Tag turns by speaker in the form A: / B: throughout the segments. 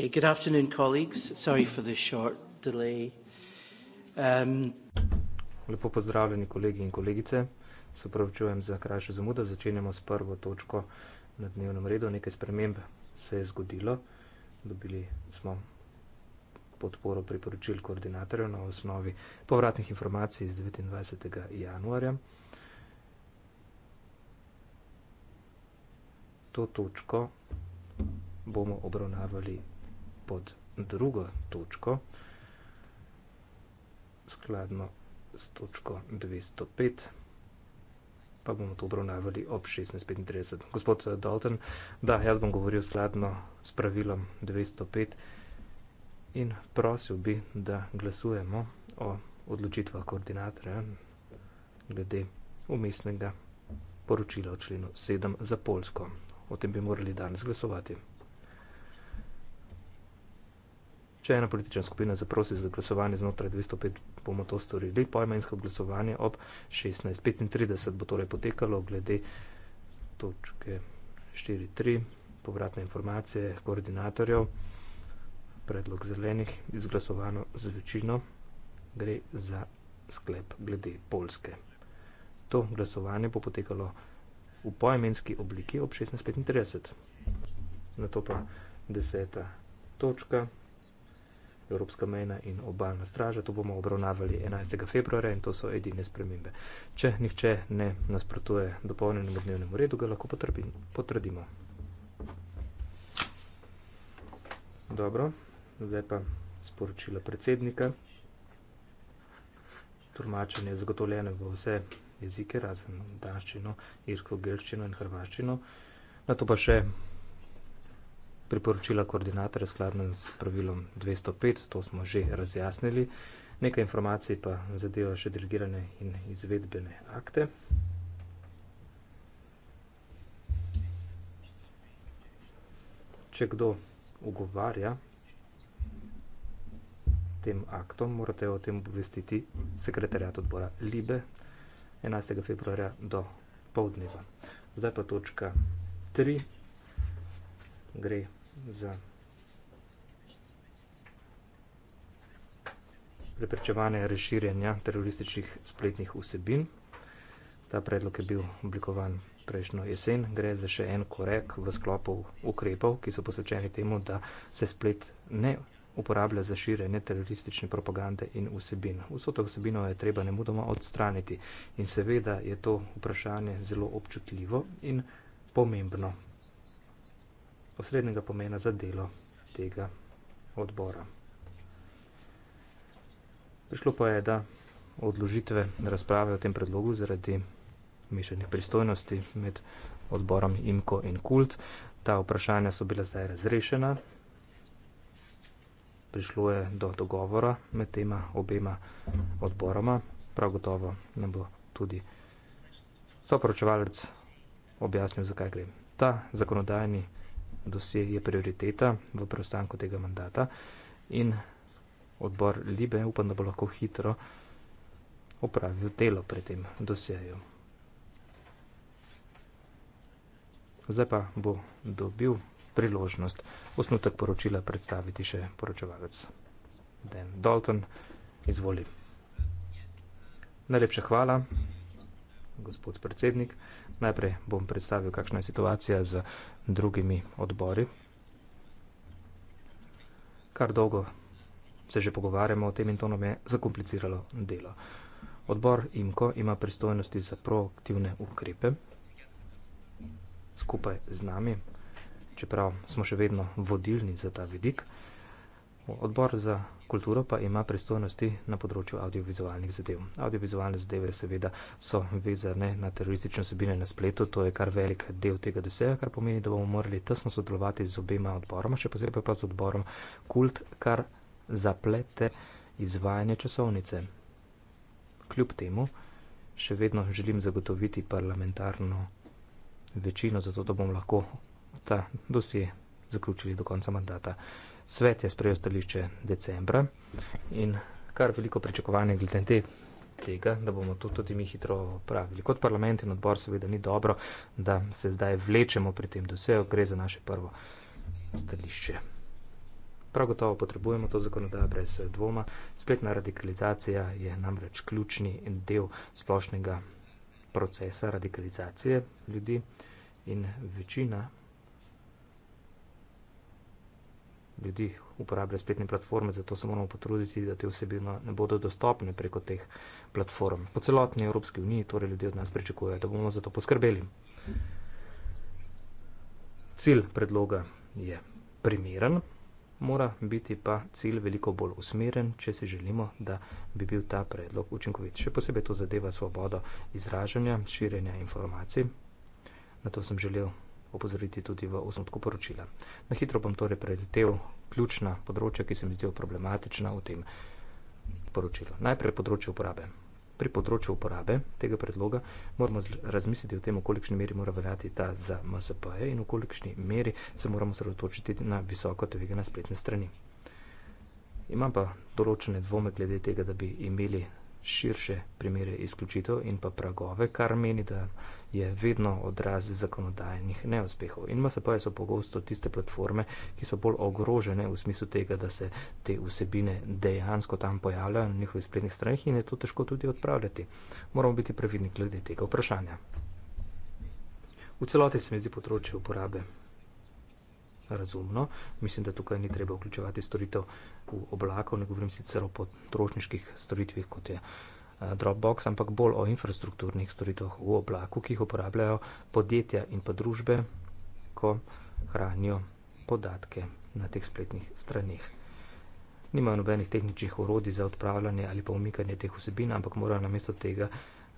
A: Okay, good afternoon, colleagues. Sorry for the short delay. Um...
B: Lepo pozdravljeni, kolegi in kolegice. Se pravi, čujem za krajšo zamudo. Začenjamo s prvo točko na dnevnem redu. Nekaj sprememb se je zgodilo. Dobili smo podporo priporočil koordinatorjev na osnovi povratnih informacij iz 29. januarja. To točko bomo obravnavali pod drugo točko, skladno s točko 205, pa bomo to obravnavali ob 16.35. Gospod eh, Dalton, da, jaz bom govoril skladno s pravilom 205 in prosil bi, da glasujemo o odločitvah koordinatorja glede umestnega poročila o členu 7 za Polsko. O tem bi morali danes glasovati. Če ena politična skupina zaprosi za glasovanje znotraj 205, bomo to storili. Pojmensko glasovanje ob 16.35 bo torej potekalo glede točke 4.3, povratne informacije koordinatorjev, predlog zelenih, izglasovano z večino, gre za sklep glede Polske. To glasovanje bo potekalo v pojmenski obliki ob 16.35. Na to pa deseta točka. Evropska mejna in obaljna straža. To bomo obravnavali 11. februarja in to so edine spremembe. Če nihče ne nasprotuje dopolnjenemu dnevnemu redu, ga lahko potrdimo. Dobro, zdaj pa sporočila predsednika. Tormačenje je zagotovljeno v vse jezike, razen danščino, irsko, gelščino in hrvaščino. Na to pa še priporočila koordinatorja skladno z pravilom 205, to smo že razjasnili. Nekaj informacij pa zadeva še delegirane in izvedbene akte. Če kdo ugovarja tem aktom, morate o tem obvestiti sekretarjat odbora Libe 11. februarja do pol dneva. Zdaj pa točka 3 gre za preprečevanje razširjanja terorističnih spletnih vsebin. Ta predlog je bil oblikovan prejšnjo jesen. Gre za še en korek v sklopu ukrepov, ki so posvečeni temu, da se splet ne uporablja za širjenje teroristične propagande in vsebin. Vso to vsebino je treba nemudoma odstraniti in seveda je to vprašanje zelo občutljivo in pomembno osrednjega pomena za delo tega odbora. Prišlo pa je, da odložitve razprave o tem predlogu zaradi mešanih pristojnosti med odborom IMKO in KULT. Ta vprašanja so bila zdaj razrešena. Prišlo je do dogovora med tema obema odboroma. Prav gotovo nam bo tudi soporočevalec objasnil, zakaj gre. Ta zakonodajni odbor dosje je prioriteta v preostanku tega mandata in odbor Libe upam, da bo lahko hitro opravil delo pri tem dosjeju. Zdaj pa bo dobil priložnost osnutek poročila predstaviti še poročevalec Dan Dalton. Izvoli. Najlepša hvala gospod predsednik. Najprej bom predstavil, kakšna je situacija z drugimi odbori. Kar dolgo se že pogovarjamo o tem in to nam je zakompliciralo delo. Odbor IMKO ima pristojnosti za proaktivne ukrepe skupaj z nami, čeprav smo še vedno vodilni za ta vidik. Odbor za kulturo pa ima pristojnosti na področju audiovizualnih zadev. Audiovizualne zadeve seveda so vezane na teroristično sebine na spletu, to je kar velik del tega doseja, kar pomeni, da bomo morali tesno sodelovati z obema odboroma, še posebej pa z odborom kult, kar zaplete izvajanje časovnice. Kljub temu še vedno želim zagotoviti parlamentarno večino, zato da bom lahko ta dosje zaključili do konca mandata svet je sprejel stališče decembra in kar veliko pričakovanje glede te. Tega, da bomo to tudi mi hitro pravili. Kot parlament in odbor, seveda, ni dobro, da se zdaj vlečemo pri tem dosegu, gre za naše prvo stališče. Prav gotovo potrebujemo to zakonodajo, brez dvoma. Spletna radikalizacija je namreč ključni del splošnega procesa radikalizacije ljudi in večina ljudi uporablja spletne platforme, zato se moramo potruditi, da te vsebine ne bodo dostopne preko teh platform. Po celotni Evropski uniji torej ljudje od nas pričakujejo, da bomo za to poskrbeli. Cilj predloga je primeren, mora biti pa cilj veliko bolj usmeren, če si želimo, da bi bil ta predlog učinkovit. Še posebej to zadeva svobodo izražanja, širjenja informacij. Na to sem želel opozoriti tudi v osnutku poročila. Na hitro bom torej preletel ključna področja, ki se mi zdijo problematična v tem poročilu. Najprej področje uporabe. Pri področju uporabe tega predloga moramo razmisliti o tem, v kolikšni meri mora veljati ta za MSP-je in v kolikšni meri se moramo sredotočiti na visoko tvegane spletne strani. Imam pa določene dvome glede tega, da bi imeli širše primere izključitev in pa pragove, kar meni, da je vedno odraz zakonodajnih neuspehov. In MSP-je so pogosto tiste platforme, ki so bolj ogrožene v smislu tega, da se te vsebine dejansko tam pojavljajo na njihovih sprednjih stranih in je to težko tudi odpravljati. Moramo biti previdni glede tega vprašanja. V celoti se mi zdi področje uporabe razumno. Mislim, da tukaj ni treba vključevati storitev v oblako, ne govorim sicer o potrošniških storitvih, kot je eh, Dropbox, ampak bolj o infrastrukturnih storitvah v oblaku, ki jih uporabljajo podjetja in pa družbe, ko hranijo podatke na teh spletnih straneh. Nimajo nobenih tehničnih orodij za odpravljanje ali pa umikanje teh vsebin, ampak morajo namesto tega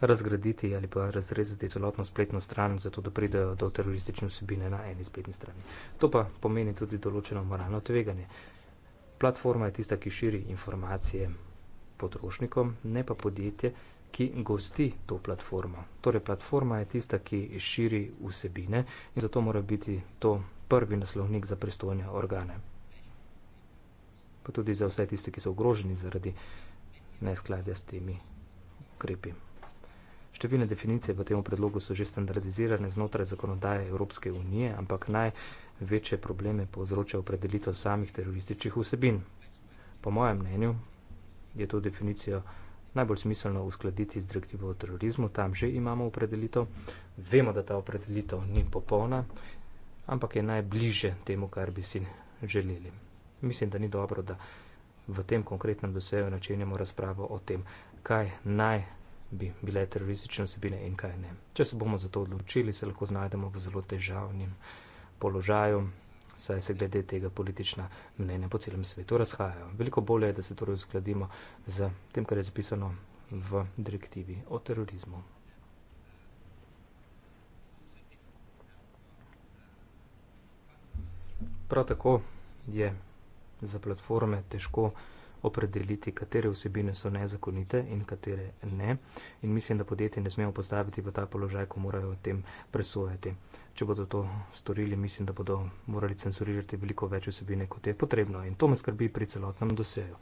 B: razgraditi ali pa razrezati celotno spletno stran, zato da pridejo do teroristične vsebine na eni spletni strani. To pa pomeni tudi določeno moralno tveganje. Platforma je tista, ki širi informacije potrošnikom, ne pa podjetje, ki gosti to platformo. Torej, platforma je tista, ki širi vsebine in zato mora biti to prvi naslovnik za pristojne organe. Pa tudi za vse tiste, ki so ogroženi zaradi neskladja s temi ukrepi. Številne definicije v tem predlogu so že standardizirane znotraj zakonodaje Evropske unije, ampak največje probleme povzroča opredelitev samih terorističnih vsebin. Po mojem mnenju je to definicijo najbolj smiselno uskladiti z direktivo o terorizmu, tam že imamo opredelitev. Vemo, da ta opredelitev ni popolna, ampak je najbliže temu, kar bi si želeli. Mislim, da ni dobro, da v tem konkretnem doseju načenjamo razpravo o tem, kaj naj bi bile teroristične osebine in kaj ne. Če se bomo za to odločili, se lahko znajdemo v zelo težavnem položaju, saj se glede tega politična mnenja po celem svetu razhajajo. Veliko bolje je, da se torej uskladimo z tem, kar je zapisano v direktivi o terorizmu. Prav tako je za platforme težko opredeliti, katere vsebine so nezakonite in katere ne. In mislim, da podjetje ne smemo postaviti v ta položaj, ko morajo o tem presojati. Če bodo to storili, mislim, da bodo morali cenzurirati veliko več vsebine, kot je potrebno. In to me skrbi pri celotnem doseju.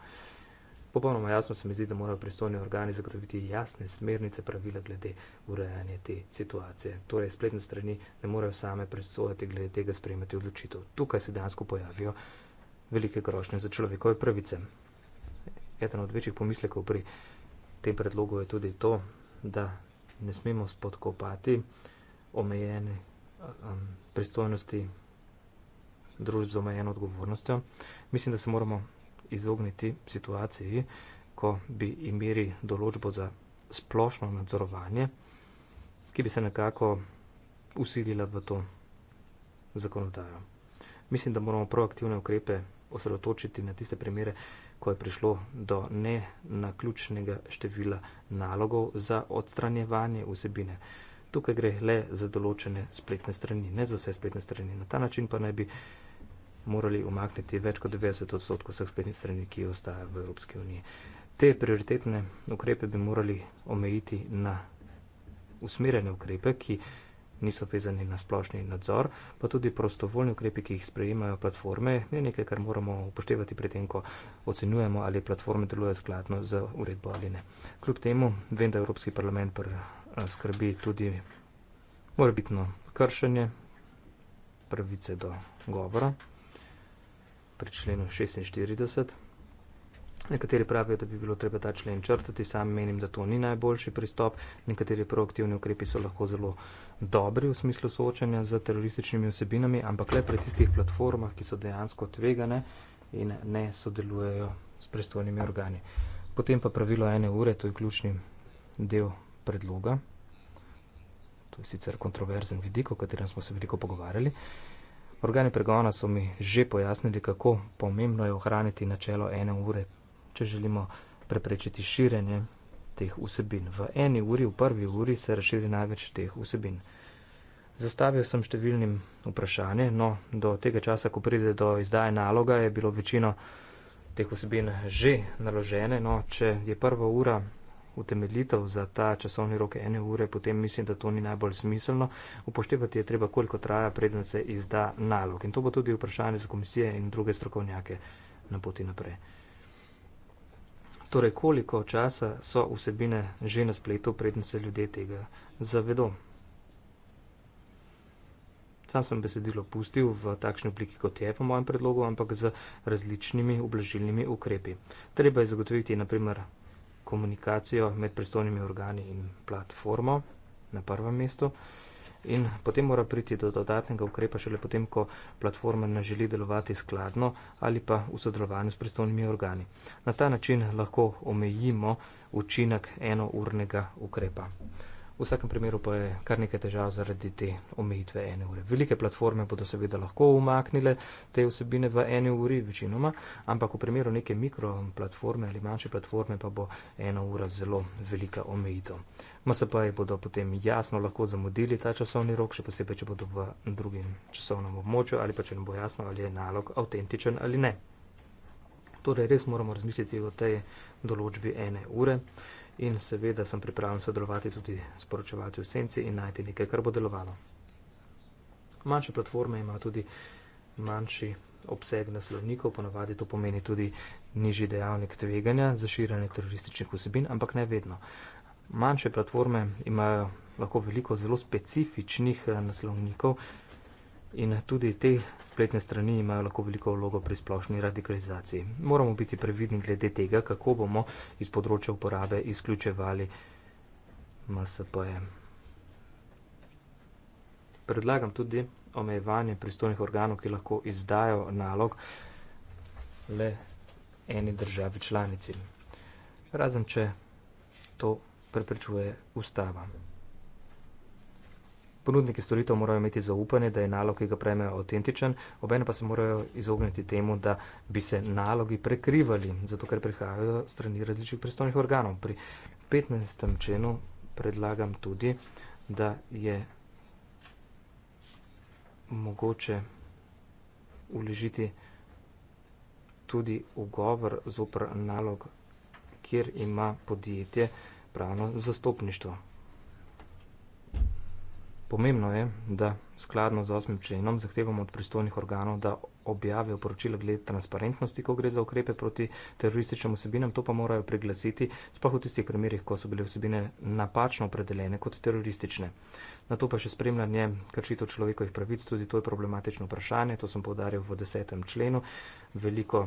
B: Popolnoma jasno se mi zdi, da morajo pristojni organi zagotoviti jasne smernice, pravila glede urejanja te situacije. Torej, spletne strani ne morejo same presojati glede tega, sprejemati odločitev. Tukaj se dejansko pojavijo velike grožnje za človekove pravice. Eden od večjih pomislekov pri tem predlogu je tudi to, da ne smemo spodkopati omejene um, pristojnosti družb z omejeno odgovornostjo. Mislim, da se moramo izogniti situaciji, ko bi imeli določbo za splošno nadzorovanje, ki bi se nekako usilila v to zakonodajo. Mislim, da moramo proaktivne ukrepe osredotočiti na tiste primere, ko je prišlo do nenaključnega števila nalogov za odstranjevanje vsebine. Tukaj gre le za določene spletne strani, ne za vse spletne strani. Na ta način pa naj bi morali umakniti več kot 90 odstotkov vseh spletnih strani, ki ostaja v Evropski uniji. Te prioritetne ukrepe bi morali omejiti na usmerjene ukrepe, ki niso vezani na splošni nadzor, pa tudi prostovoljni ukrepi, ki jih sprejemajo platforme, je nekaj, kar moramo upoštevati pri tem, ko ocenjujemo, ali platforme delujejo skladno z uredbo ali ne. Kljub temu, vem, da Evropski parlament pr, uh, eh, skrbi tudi morbitno kršenje pravice do govora pri členu 46. Nekateri pravijo, da bi bilo treba ta člen črtati, sam menim, da to ni najboljši pristop. Nekateri proaktivni ukrepi so lahko zelo dobri v smislu soočanja z terorističnimi osebinami, ampak le pri tistih platformah, ki so dejansko tvegane in ne sodelujejo s prestovnimi organi. Potem pa pravilo ene ure, to je ključni del predloga. To je sicer kontroverzen vidik, o katerem smo se veliko pogovarjali. Organi pregona so mi že pojasnili, kako pomembno je ohraniti načelo ene ure če želimo preprečiti širjenje teh vsebin. V eni uri, v prvi uri se razširi največ teh vsebin. Zastavil sem številnim vprašanje, no do tega časa, ko pride do izdaje naloga, je bilo večino teh vsebin že naložene. No, če je prva ura utemeljitev za ta časovni rok ene ure, potem mislim, da to ni najbolj smiselno. Upoštevati je treba, koliko traja, preden se izda nalog. In to bo tudi vprašanje za komisije in druge strokovnjake na poti naprej. Torej, koliko časa so vsebine že na spletu, preden se ljudje tega zavedo? Sam sem besedilo pustil v takšni obliki, kot je po mojem predlogu, ampak z različnimi oblažilnimi ukrepi. Treba je zagotoviti naprimer komunikacijo med predstavnimi organi in platformo na prvem mestu in potem mora priti do dodatnega ukrepa šele potem, ko platforma ne želi delovati skladno ali pa v sodelovanju s pristolnimi organi. Na ta način lahko omejimo učinek enournega ukrepa. V vsakem primeru pa je kar nekaj težav zaradi te omejitve ene ure. Velike platforme bodo seveda lahko umaknile te vsebine v eni uri, večinoma, ampak v primeru neke mikroplatforme ali manjše platforme pa bo ena ura zelo velika omejitev. MSP-ji bodo potem jasno lahko zamudili ta časovni rok, še posebej, če bodo v drugim časovnem območju ali pa če ne bo jasno, ali je nalog avtentičen ali ne. Torej, res moramo razmisliti o tej določbi ene ure in seveda sem pripravljen sodelovati tudi s poročevalci v senci in najti nekaj, kar bo delovalo. Manjše platforme ima tudi manjši obseg naslovnikov, ponavadi to pomeni tudi nižji dejavnik tveganja za širjanje terorističnih vsebin, ampak ne vedno. Manjše platforme imajo lahko veliko zelo specifičnih eh, naslovnikov, In tudi te spletne strani imajo lahko veliko vlogo pri splošni radikalizaciji. Moramo biti previdni glede tega, kako bomo iz področja uporabe izključevali MSPE. Predlagam tudi omejevanje pristojnih organov, ki lahko izdajo nalog le eni državi članici. Razen, če to preprečuje ustava. Ponudniki storitev morajo imeti zaupanje, da je nalog, ki ga prejmejo, avtentičen, obene pa se morajo izogniti temu, da bi se nalogi prekrivali, zato ker prihajajo strani različnih pristojnih organov. Pri 15. členu predlagam tudi, da je mogoče uležiti tudi ugovor zopr nalog, kjer ima podjetje pravno zastopništvo. Pomembno je, da skladno z 8. členom zahtevamo od pristojnih organov, da objavijo poročila glede transparentnosti, ko gre za ukrepe proti terorističnim osebinam. To pa morajo priglasiti, sploh v tistih primerjih, ko so bile osebine napačno opredeljene kot teroristične. Na to pa še spremljanje kršitev človekovih pravic, tudi to je problematično vprašanje, to sem povdaril v 10. členu. Veliko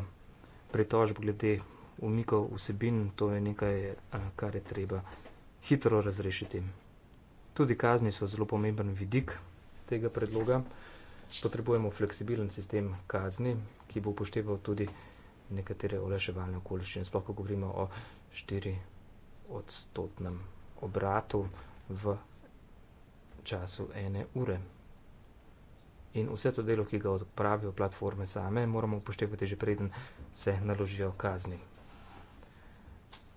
B: pritožb glede umikov vsebin, to je nekaj, eh, kar je treba hitro razrešiti. Tudi kazni so zelo pomemben vidik tega predloga. Potrebujemo fleksibilen sistem kazni, ki bo upošteval tudi nekatere olaševalne okoliščine. Sploh, ko govorimo o 4 odstotnem obratu v času ene ure. In vse to delo, ki ga odpravijo platforme same, moramo upoštevati že preden se naložijo kazni.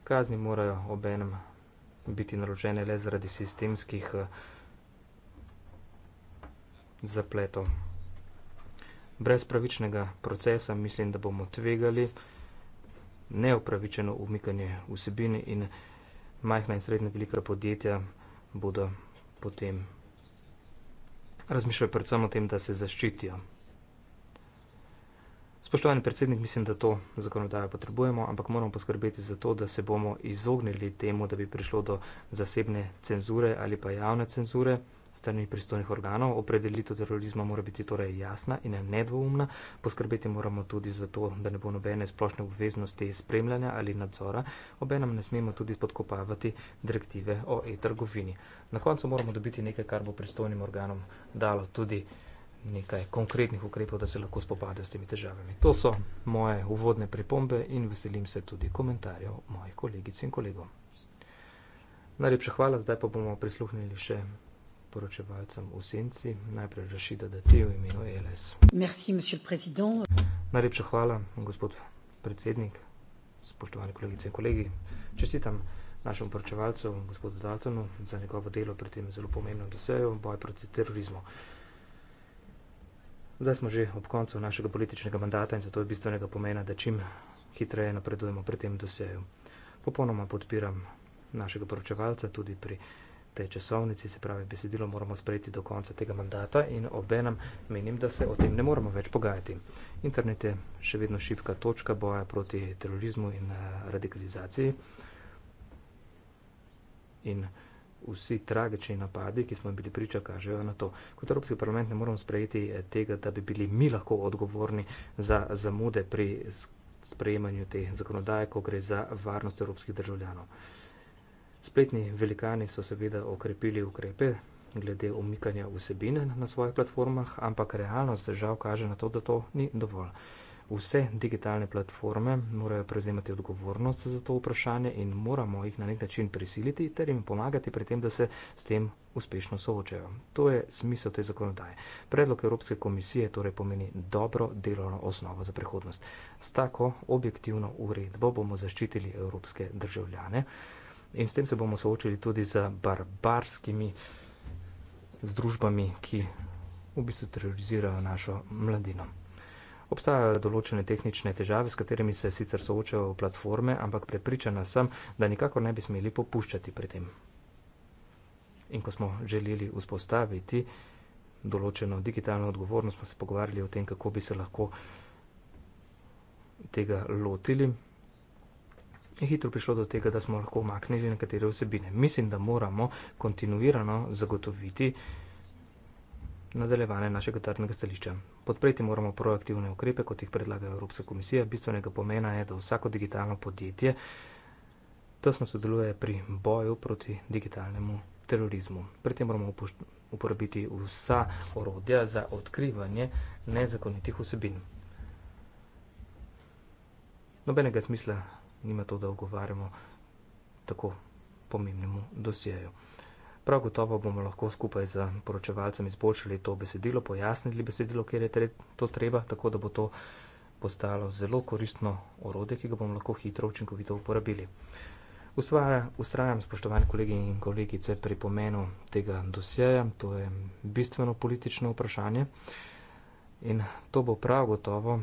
B: Kazni morajo ob enem biti naložene le zaradi sistemskih eh, zapletov. Brez pravičnega procesa mislim, da bomo tvegali neopravičeno umikanje vsebine in majhna in srednja velika podjetja bodo potem razmišljali predvsem o tem, da se zaščitijo. Spoštovani predsednik, mislim, da to zakonodajo potrebujemo, ampak moramo poskrbeti za to, da se bomo izognili temu, da bi prišlo do zasebne cenzure ali pa javne cenzure strani pristojnih organov. Opredelitev terorizma mora biti torej jasna in nedvoumna. Poskrbeti moramo tudi za to, da ne bo nobene splošne obveznosti spremljanja ali nadzora. Obenem ne smemo tudi podkopavati direktive o e-trgovini. Na koncu moramo dobiti nekaj, kar bo pristojnim organom dalo tudi nekaj konkretnih ukrepov, da se lahko spopadajo s temi težavami. To so moje uvodne pripombe in veselim se tudi komentarjev mojih kolegic in kolegov. Najlepša hvala, zdaj pa bomo prisluhnili še poročevalcem v senci, najprej Rašida Dati v imenu ELS. Merci, Najlepša hvala, gospod predsednik, spoštovani kolegice in kolegi. Čestitam našemu poročevalcu, gospodu Daltonu, za njegovo delo pri tem zelo pomembnem dosegu boja proti terorizmu. Zdaj smo že ob koncu našega političnega mandata in zato je bistvenega pomena, da čim hitreje napredujemo pri tem doseju. Popolnoma podpiram našega poročevalca tudi pri tej časovnici, se pravi, besedilo moramo sprejeti do konca tega mandata in obenem menim, da se o tem ne moramo več pogajati. Internet je še vedno šipka točka boja proti terorizmu in eh, radikalizaciji. In vsi tragični napadi, ki smo bili priča, kažejo na to. Kot Evropski parlament ne moramo sprejeti eh, tega, da bi bili mi lahko odgovorni za zamude pri sprejemanju te zakonodaje, ko gre za varnost evropskih državljanov. Spletni velikani so seveda okrepili ukrepe glede omikanja vsebine na svojih platformah, ampak realnost žal kaže na to, da to ni dovolj. Vse digitalne platforme morajo prevzemati odgovornost za to vprašanje in moramo jih na nek način prisiliti ter jim pomagati pri tem, da se s tem uspešno soočajo. To je smisel te zakonodaje. Predlog Evropske komisije torej pomeni dobro delovno osnovo za prihodnost. S tako objektivno uredbo bomo zaščitili evropske državljane in s tem se bomo soočili tudi z barbarskimi združbami, ki v bistvu terorizirajo našo mladino. Obstajajo določene tehnične težave, s katerimi se sicer soočajo platforme, ampak prepričana sem, da nikakor ne bi smeli popuščati pri tem. In ko smo želeli vzpostaviti določeno digitalno odgovornost, smo se pogovarjali o tem, kako bi se lahko tega lotili. Je hitro prišlo do tega, da smo lahko omaknili nekatere vsebine. Mislim, da moramo kontinuirano zagotoviti, da nadaljevanje našega trdnega stališča. Podpreti moramo proaktivne ukrepe, kot jih predlaga Evropska komisija. Bistvenega pomena je, da vsako digitalno podjetje tesno sodeluje pri boju proti digitalnemu terorizmu. Pri tem moramo uporabiti vsa orodja za odkrivanje nezakonitih vsebin. Nobenega smisla nima to, da ogovarjamo tako pomembnemu dosjeju. Prav gotovo bomo lahko skupaj z poročevalcem izboljšali to besedilo, pojasnili besedilo, kjer je to treba, tako da bo to postalo zelo koristno orodje, ki ga bomo lahko hitro učinkovito uporabili. Ustvarja, ustrajam, spoštovani kolegi in kolegice, pri pomenu tega dosjeja, to je bistveno politično vprašanje in to bo prav gotovo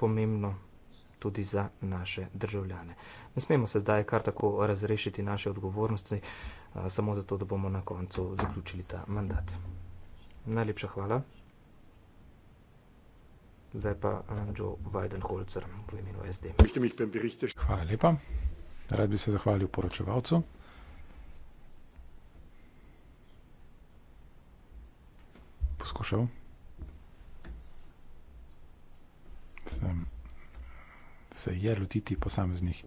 B: pomembno tudi za naše državljane. Ne smemo se zdaj kar tako razrešiti naše odgovornosti, samo zato, da bomo na koncu zaključili ta mandat. Najlepša hvala. Zdaj pa Joe Weidenholzer v imenu SD.
A: Hvala lepa. Rad bi se zahvalil poročevalcu. Poskušal. Se, se je lotiti posameznih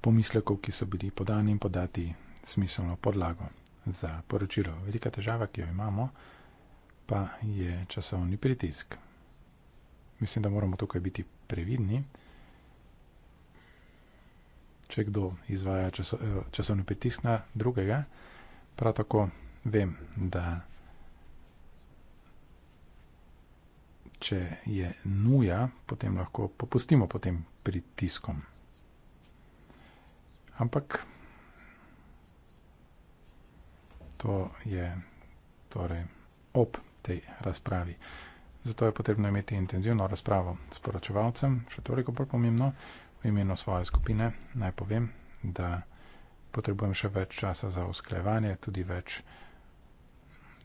A: pomislekov, ki so bili podani in podati smiselno podlago za poročilo. Velika težava, ki jo imamo, pa je časovni pritisk. Mislim, da moramo tukaj biti previdni. Če kdo izvaja časo, eh, časovni pritisk na drugega, prav tako vem, da če je nuja, potem lahko popustimo pod tem pritiskom. Ampak To je torej ob tej razpravi. Zato je potrebno imeti intenzivno razpravo s poročevalcem, še toliko bolj pomembno, v imenu svoje skupine naj povem, da potrebujem še več časa za usklajevanje, tudi več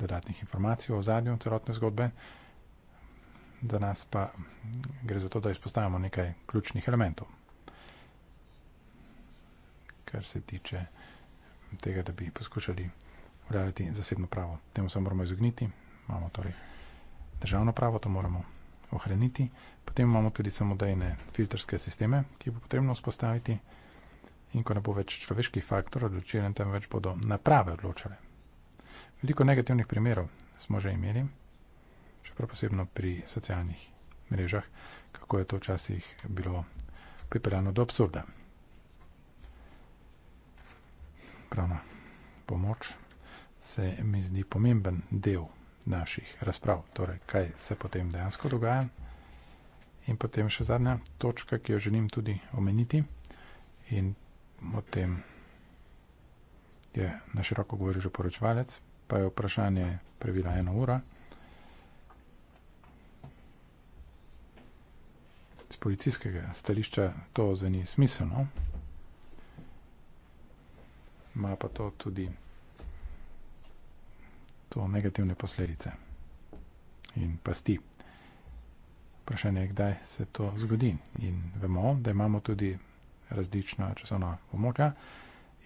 A: dodatnih informacij o zadnjo celotne zgodbe. Za nas pa gre za to, da izpostavimo nekaj ključnih elementov. Kar se tiče tega, da bi poskušali urejati zasebno pravo. Temu se moramo izogniti. Imamo torej državno pravo, to moramo ohraniti. Potem imamo tudi samodejne filtrske sisteme, ki bo potrebno vzpostaviti. In ko ne bo več človeški faktor odločilen, tam več bodo naprave odločale. Veliko negativnih primerov smo že imeli, še posebno pri socialnih mrežah, kako je to včasih bilo pripeljano do absurda. Pravna pomoč se mi zdi pomemben del naših razprav, torej kaj se potem dejansko dogaja. In potem še zadnja točka, ki jo želim tudi omeniti in o tem je na široko govoril že poročevalec, pa je vprašanje prebila eno ura. Z policijskega stališča to zveni smiselno, ima pa to tudi to negativne posledice in pasti. Vprašanje je, kdaj se to zgodi. In vemo, da imamo tudi različna časovna območja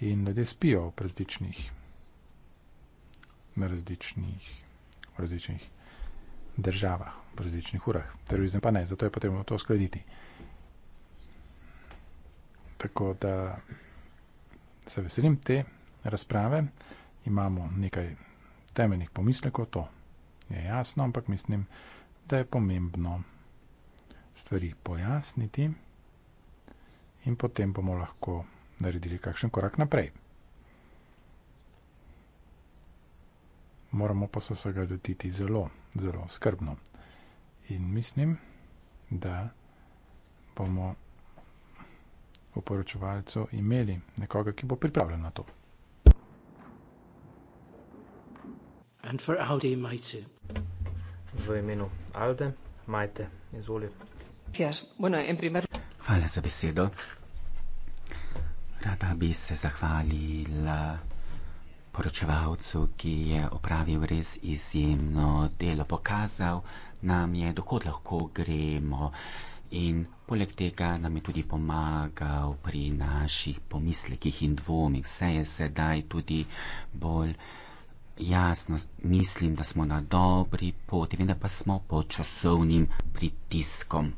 A: in ljudje spijo v različnih, na različnih, v različnih državah, v različnih urah. Terorizem pa ne, zato je potrebno to skladiti. Tako da se veselim te razprave. Imamo nekaj temeljnih pomislekov to. Je jasno, ampak mislim, da je pomembno stvari pojasniti in potem bomo lahko naredili kakšen korak naprej. Moramo pa se vsega lotiti zelo, zelo skrbno. In mislim, da bomo v poročevalcu imeli nekoga, ki bo pripravljen na to.
C: and for Aldi Maite.
B: V imenu Alde, Maite, izvoli.
C: Hvala za besedo. Rada bi se zahvalila poročevalcu, ki je opravil res izjemno delo, pokazal nam je, dokud lahko gremo in poleg tega nam je tudi pomagal pri naših pomislekih in dvomih. Vse je sedaj tudi bolj jasno, mislim, da smo na dobri poti, vendar pa smo pod časovnim pritiskom.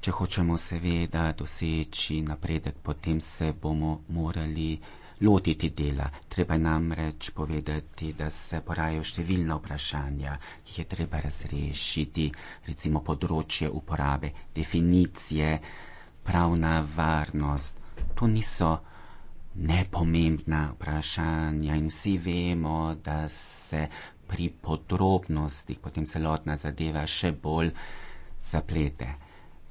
C: Če hočemo seveda doseči napredek, potem se bomo morali lotiti dela. Treba nam reč povedati, da se porajajo številna vprašanja, ki jih je treba razrešiti, recimo področje uporabe, definicije, pravna varnost. To niso nepomembna vprašanja in vsi vemo, da se pri podrobnostih potem celotna zadeva še bolj zaplete.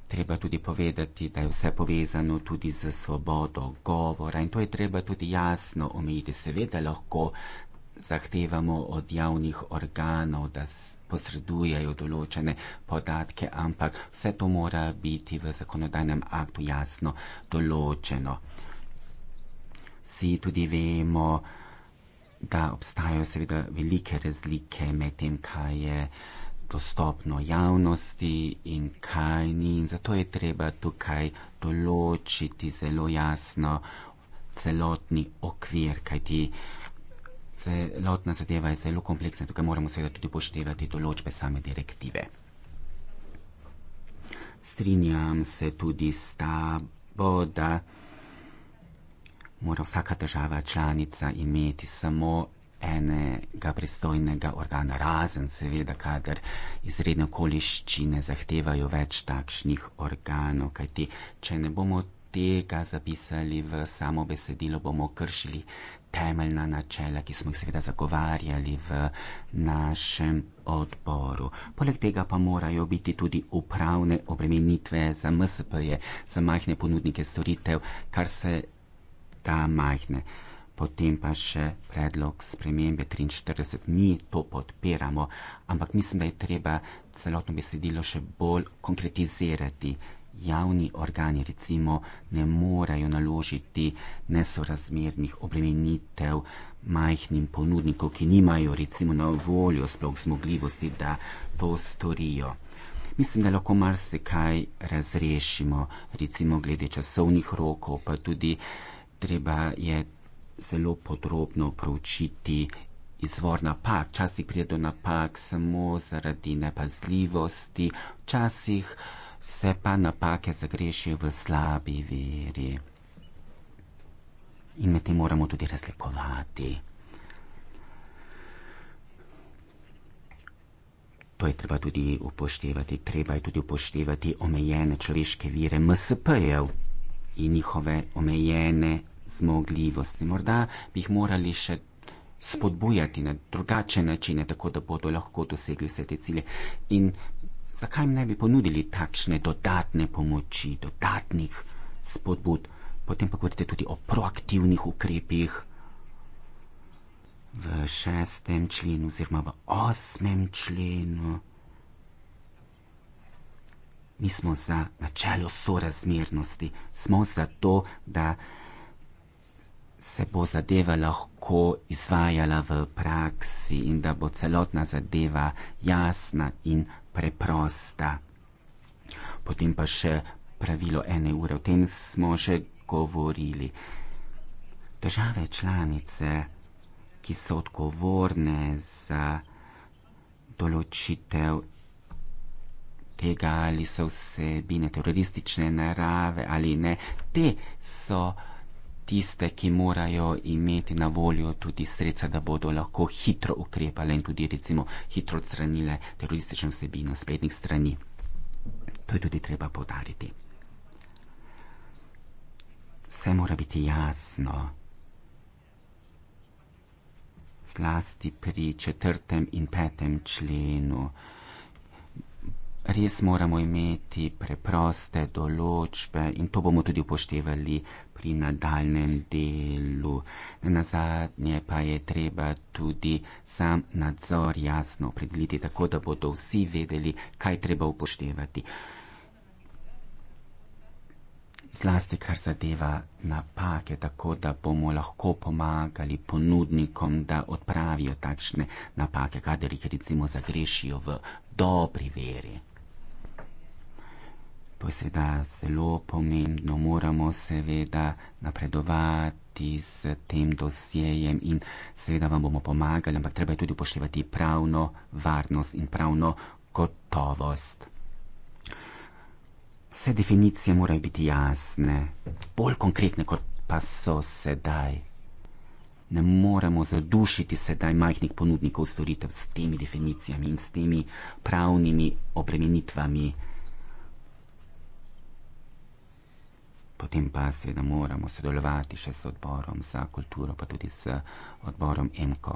C: Treba tudi povedati, da je vse povezano tudi z svobodo govora in to je treba tudi jasno omejiti. Seveda lahko zahtevamo od javnih organov, da posredujejo določene podatke, ampak vse to mora biti v zakonodajnem aktu jasno določeno vsi tudi vemo, da obstajajo seveda velike razlike med tem, kaj je dostopno javnosti in kaj ni. In zato je treba tukaj določiti zelo jasno celotni okvir, kajti celotna zadeva je zelo kompleksna. Tukaj moramo seveda tudi poštevati določbe same direktive. Strinjam se tudi s tabo, da mora vsaka država članica imeti samo enega pristojnega organa, razen seveda, kadar izredne okoliščine zahtevajo več takšnih organov, kajti če ne bomo tega zapisali v samo besedilo, bomo kršili temeljna načela, ki smo jih seveda zagovarjali v našem odboru. Poleg tega pa morajo biti tudi upravne obremenitve za MSP-je, za majhne ponudnike storitev, kar se ta majhne. Potem pa še predlog spremembe 43. Mi to podpiramo, ampak mislim, da je treba celotno besedilo še bolj konkretizirati. Javni organi recimo ne morajo naložiti nesorazmernih obremenitev majhnim ponudnikom, ki nimajo recimo na voljo sploh zmogljivosti, da to storijo. Mislim, da lahko marsikaj razrešimo, recimo glede časovnih rokov, pa tudi treba je zelo podrobno proučiti izvor napak. Včasih pride do napak samo zaradi nepazljivosti, včasih se pa napake zagrešijo v slabi veri. In med tem moramo tudi razlikovati. To je treba tudi upoštevati. Treba je tudi upoštevati omejene človeške vire MSP-jev in njihove omejene zmogljivosti. Morda bi jih morali še spodbujati na drugačne načine, tako da bodo lahko dosegli vse te cilje. In zakaj ne bi ponudili takšne dodatne pomoči, dodatnih spodbud? Potem pa govorite tudi o proaktivnih ukrepih. V šestem členu, oziroma v osmem členu, mi smo za načelo sorazmernosti, smo za to, da se bo zadeva lahko izvajala v praksi in da bo celotna zadeva jasna in preprosta. Potem pa še pravilo ene ure, o tem smo že govorili. Države članice, ki so odgovorne za določitev tega ali so vsebine teroristične narave ali ne, te so tiste, ki morajo imeti na voljo tudi sredstva, da bodo lahko hitro ukrepale in tudi recimo hitro odstranile teroristično vsebino spletnih strani. To je tudi treba povdariti. Vse mora biti jasno. Zlasti pri četrtem in petem členu res moramo imeti preproste določbe in to bomo tudi upoštevali pri nadaljem delu. Na zadnje pa je treba tudi sam nadzor jasno predeliti, tako da bodo vsi vedeli, kaj treba upoštevati. Zlasti, kar zadeva napake, tako da bomo lahko pomagali ponudnikom, da odpravijo takšne napake, kadar jih recimo zagrešijo v dobri veri. To je seveda zelo pomembno, moramo seveda napredovati s tem dosjejem in seveda vam bomo pomagali, ampak treba je tudi upoštevati pravno varnost in pravno gotovost. Vse definicije morajo biti jasne, bolj konkretne, kot pa so sedaj. Ne moremo zadušiti sedaj majhnih ponudnikov storitev s temi definicijami in s temi pravnimi obremenitvami. potem pa seveda moramo sodelovati še s odborom za kulturo, pa tudi s odborom EMKO.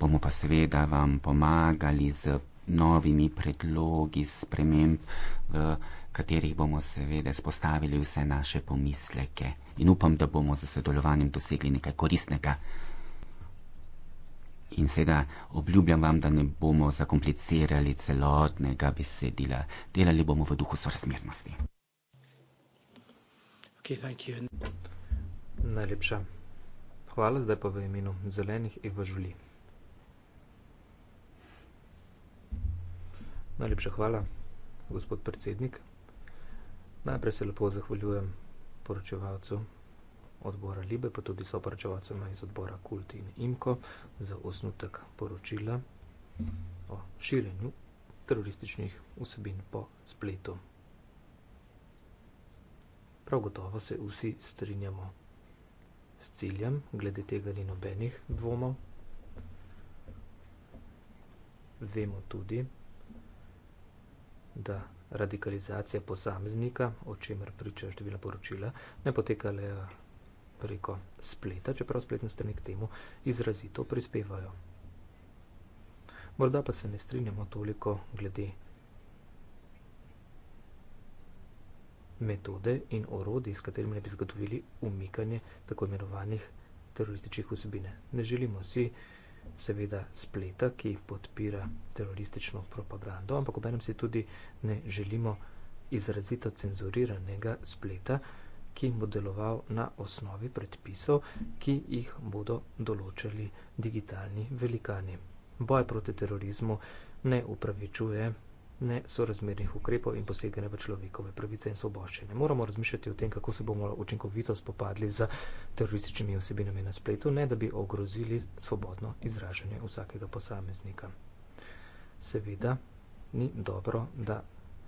C: Bomo pa seveda vam pomagali z novimi predlogi, sprememb, v katerih bomo seveda spostavili vse naše pomisleke in upam, da bomo z sodelovanjem dosegli nekaj koristnega. In seveda obljubljam vam, da ne bomo zakomplicirali celotnega besedila. Delali bomo v duhu sorazmernosti.
B: Okay, Najlepša hvala, zdaj pa v imenu zelenih in v žuli. Najlepša hvala, gospod predsednik. Najprej se lepo zahvaljujem poročevalcu odbora Libe, pa tudi sopračevalcema iz odbora Kult in Imko za osnutek poročila o širjenju terorističnih vsebin po spletu. Prav gotovo se vsi strinjamo s ciljem, glede tega ni nobenih dvomov. Vemo tudi, da radikalizacija posameznika, o čemer priča številna poročila, ne poteka le preko spleta, čeprav spletne strani k temu izrazito prispevajo. Morda pa se ne strinjamo toliko glede metode in orodij, s katerimi ne bi zgodovili umikanje tako imenovanih terorističnih vsebine. Ne želimo si seveda spleta, ki podpira teroristično propagando, ampak ob enem si tudi ne želimo izrazito cenzuriranega spleta, ki bo deloval na osnovi predpisov, ki jih bodo določali digitalni velikani. Boj proti terorizmu ne upravičuje ne sorazmernih ukrepov in poseganja v človekove pravice in svoboščine. Moramo razmišljati o tem, kako se bomo učinkovito spopadli z terorističnimi osebinami na spletu, ne da bi ogrozili svobodno izražanje vsakega posameznika. Seveda ni dobro, da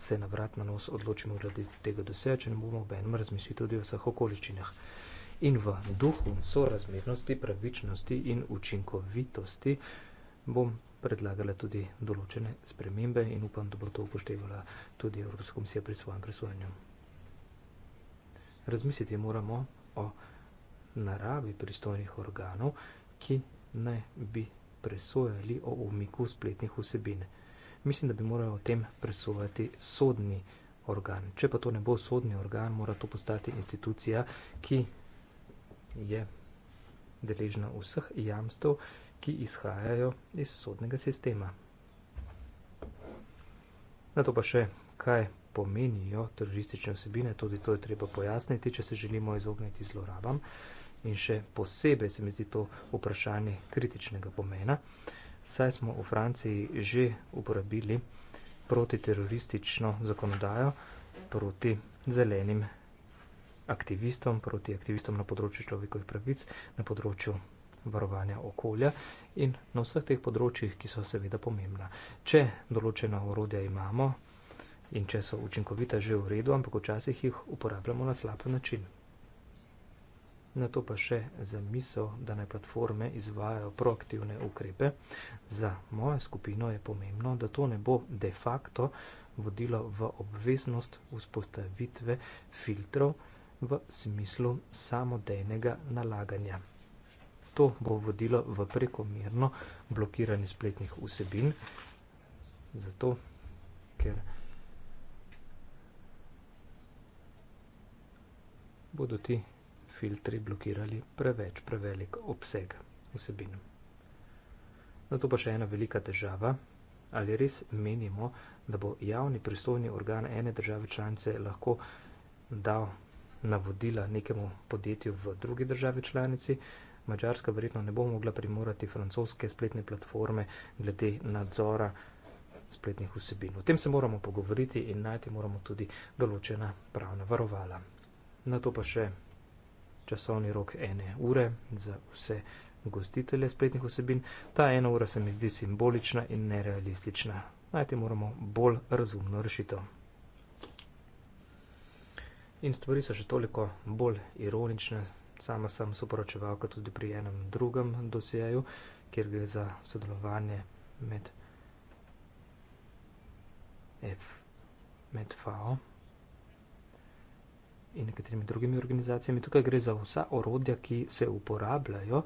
B: se na vrat na nos odločimo glede tega doseči in bomo obenem razmisliti tudi o vseh okoličinah. In v duhu sorazmernosti, pravičnosti in učinkovitosti bom predlagala tudi določene spremembe in upam, da bo to upoštevala tudi Evropska komisija pri svojem presojanju. Razmisliti moramo o naravi pristojnih organov, ki naj bi presojali o umiku spletnih vsebine mislim, da bi morali o tem presuvati sodni organ. Če pa to ne bo sodni organ, mora to postati institucija, ki je deležna vseh jamstev, ki izhajajo iz sodnega sistema. Na to pa še, kaj pomenijo teroristične vsebine, tudi to je treba pojasniti, če se želimo izogniti zlorabam. In še posebej se mi zdi to vprašanje kritičnega pomena saj smo v Franciji že uporabili protiteroristično zakonodajo proti zelenim aktivistom, proti aktivistom na področju človekovih pravic, na področju varovanja okolja in na vseh teh področjih, ki so seveda pomembna. Če določena orodja imamo in če so učinkovita že v redu, ampak včasih jih uporabljamo na slab način na to pa še za misel, da naj platforme izvajajo proaktivne ukrepe. Za mojo skupino je pomembno, da to ne bo de facto vodilo v obveznost vzpostavitve filtrov v smislu samodejnega nalaganja. To bo vodilo v prekomerno blokiranje spletnih vsebin, zato ker bodo ti filtri blokirali preveč prevelik obseg vsebin. Na to pa še ena velika težava. Ali res menimo, da bo javni pristojni organ ene države članice lahko dal navodila nekemu podjetju v drugi državi članici? Mačarska verjetno ne bo mogla primorati francoske spletne platforme glede nadzora spletnih vsebin. O tem se moramo pogovoriti in najti moramo tudi določena pravna varovala. Na to pa še časovni rok ene ure za vse gostitelje spletnih osebin. Ta ena ura se mi zdi simbolična in nerealistična. Najti moramo bolj razumno rešitev. In stvari so še toliko bolj ironične. Sama sem soporočevalka tudi pri enem drugem dosjeju, kjer gre za sodelovanje med FAO. Med in nekaterimi drugimi organizacijami. Tukaj gre za vsa orodja, ki se uporabljajo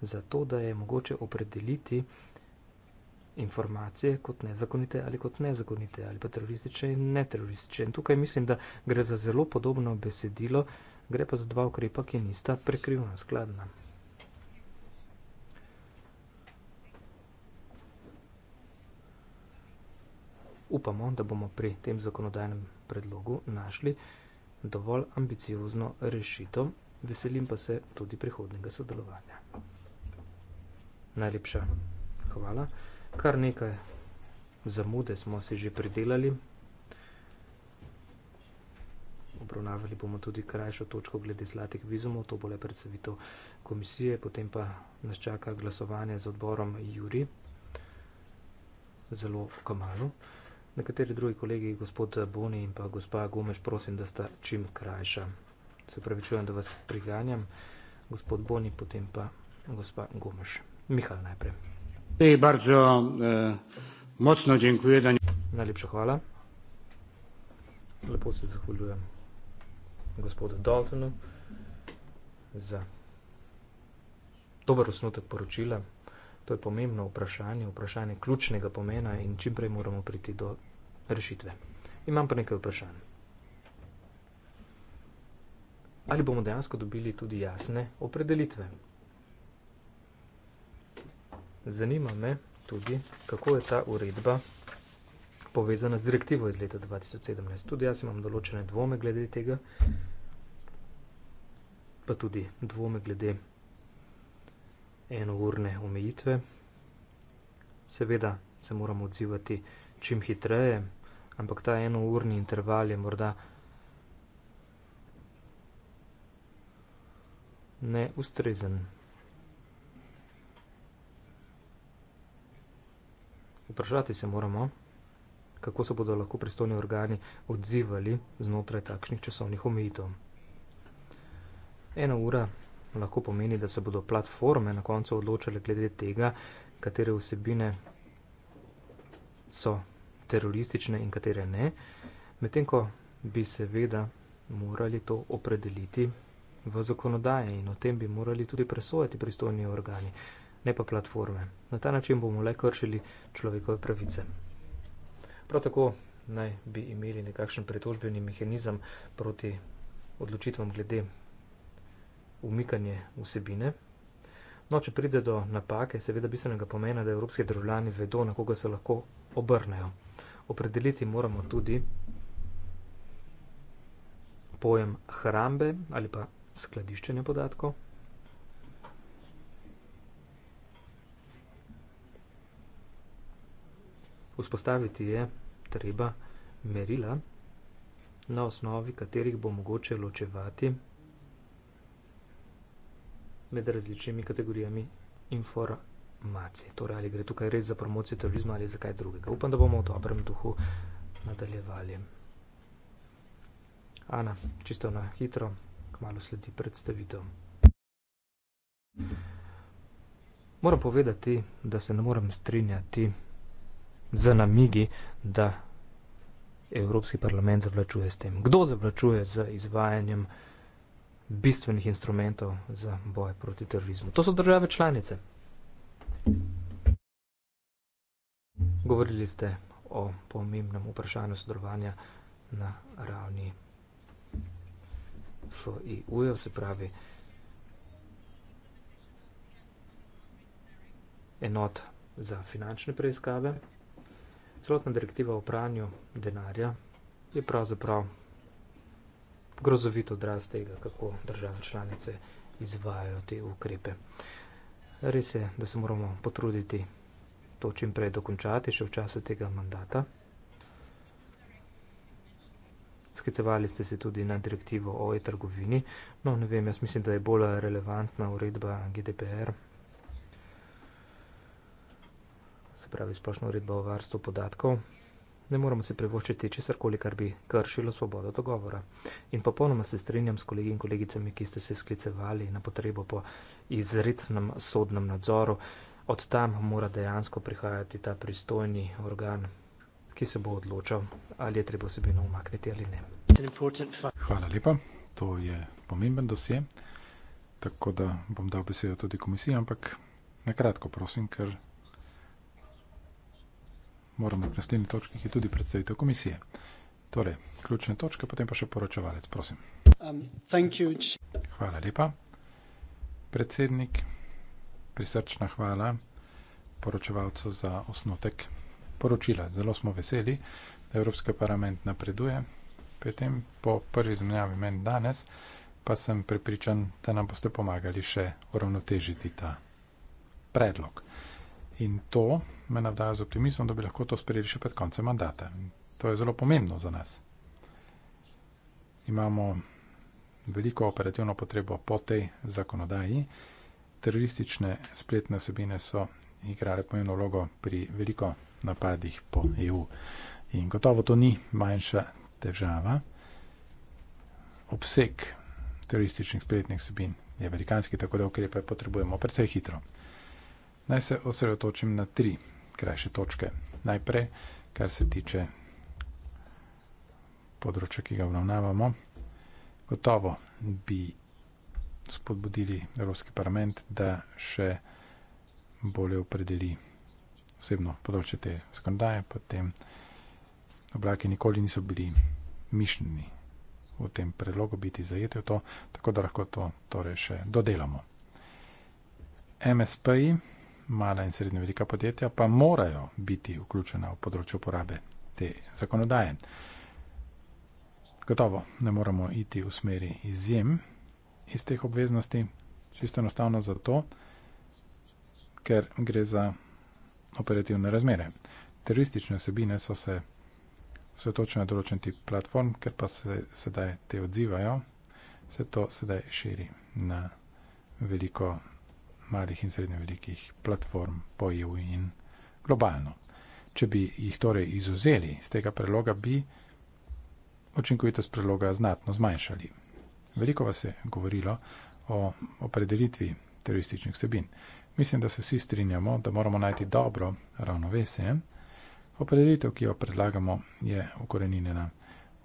B: za to, da je mogoče opredeliti informacije kot nezakonite ali kot nezakonite ali pa teroristične in neteroristične. In tukaj mislim, da gre za zelo podobno besedilo, gre pa za dva ukrepa, ki nista prekrivna skladna. Upamo, da bomo pri tem zakonodajnem predlogu našli dovolj ambiciozno rešitev, veselim pa se tudi prihodnega sodelovanja. Najlepša hvala. Kar nekaj zamude smo si že pridelali. Obravnavali bomo tudi krajšo točko glede zlatih vizumov, to bo le predstavitev komisije, potem pa nas čaka glasovanje z odborom Juri. Zelo kamalo. Nekateri drugi kolegi, gospod Boni in pa gospa Gomeš, prosim, da sta čim krajša. Se pravi, čujem, da vas priganjam, gospod Boni, potem pa gospa Gomeš. Mihal najprej. Ej, bardzo, eh, močno dziękuję, da... Najlepša hvala. Lepo se zahvaljujem gospodu Daltonu za dober osnutek poročila. To je pomembno vprašanje, vprašanje ključnega pomena in čimprej moramo priti do rešitve. Imam pa nekaj vprašanj. Ali bomo dejansko dobili tudi jasne opredelitve? Zanima me tudi, kako je ta uredba povezana z direktivo iz leta 2017. Tudi jaz imam določene dvome glede tega, pa tudi dvome glede enourne omejitve. Seveda se moramo odzivati čim hitreje, ampak ta eno urni interval je morda neustrezen. Vprašati se moramo, kako se bodo lahko pristojni organi odzivali znotraj takšnih časovnih omejitev. Ena ura lahko pomeni, da se bodo platforme na koncu odločile glede tega, katere vsebine so teroristične in katere ne, medtem ko bi seveda morali to opredeliti v zakonodaji in o tem bi morali tudi presojati pristojni organi, ne pa platforme. Na ta način bomo le kršili človekove pravice. Prav tako naj bi imeli nekakšen pretožbeni mehanizem proti odločitvam glede umikanje vsebine. No, če pride do napake, seveda bistvenega pomena, da evropski državljani vedo, na koga se lahko obrnejo. Opredeliti moramo tudi pojem hrambe ali pa skladiščenje podatkov. Vzpostaviti je treba merila, na osnovi katerih bo mogoče ločevati med različnimi kategorijami informacij. Torej, ali gre tukaj res za promocijo terorizma ali za kaj drugega. Upam, da bomo v dobrem duhu nadaljevali. Ana, čisto na hitro, kmalo sledi predstavitev. Moram povedati, da se ne morem strinjati z namigi, da Evropski parlament zavlačuje s tem. Kdo zavlačuje z izvajanjem? bistvenih instrumentov za boj proti terorizmu. To so države članice. Govorili ste o pomembnem vprašanju sodelovanja na ravni FIU-jev, se pravi enot za finančne preiskave. Celotna direktiva o pranju denarja je pravzaprav grozovit odraz tega, kako države članice izvajajo te ukrepe. Res je, da se moramo potruditi to čim prej dokončati, še v času tega mandata. Skecevali ste se tudi na direktivo o e-trgovini. No, ne vem, jaz mislim, da je bolj relevantna uredba GDPR, se pravi splošna uredba o varstvu podatkov ne moremo si privoščiti česar koli, kar bi kršilo svobodo dogovora. In popolnoma se strinjam s kolegi in kolegicami, ki ste se sklicevali na potrebo po izrednem sodnem nadzoru. Od tam mora dejansko prihajati ta pristojni organ, ki se bo odločal, ali je treba osebino umakniti ali ne.
A: Hvala lepa, to je pomemben dosje. Tako da bom dal besedo tudi komisiji, ampak na kratko, prosim, ker moramo k naslednji točki, ki je tudi predstavitev komisije. Torej, ključne točke, potem pa še poročevalec, prosim. Um, hvala lepa. Predsednik, prisrčna hvala poročevalcu za osnotek poročila. Zelo smo veseli, da Evropski parlament napreduje. Potem po prvi zmenjavi men danes pa sem prepričan, da nam boste pomagali še uravnotežiti ta predlog. In to me navdaja z optimizmom, da bi lahko to sprejeli še pred koncem mandata. To je zelo pomembno za nas. Imamo veliko operativno potrebo po tej zakonodaji. Teroristične spletne osebine so igrale pomembno vlogo pri veliko napadih po EU. In gotovo to ni manjša težava. Obseg terorističnih spletnih osebin je velikanski, tako da ukrepe potrebujemo precej hitro. Naj se osredotočim na tri krajše točke. Najprej, kar se tiče področja, ki ga obravnavamo, gotovo bi spodbudili Evropski parlament, da še bolje opredeli osebno področje te zakonodaje, potem oblake nikoli niso bili mišljeni v tem predlogu biti zajeti v to, tako da lahko to torej še dodelamo. MSP-ji mala in srednje velika podjetja pa morajo biti vključena v področju uporabe te zakonodaje. Gotovo ne moramo iti v smeri izjem iz teh obveznosti, čisto enostavno zato, ker gre za operativne razmere. Teroristične osebine so se osvetočene določen tip platform, ker pa se sedaj te odzivajo, se to sedaj širi na veliko različnosti malih in srednje velikih platform po EU in globalno. Če bi jih torej izuzeli z tega preloga, bi učinkovitost preloga znatno zmanjšali. Veliko vas je govorilo o opredelitvi terorističnih sebin. Mislim, da se vsi strinjamo, da moramo najti dobro ravnovesje. Opredelitev, ki jo predlagamo, je ukorenjena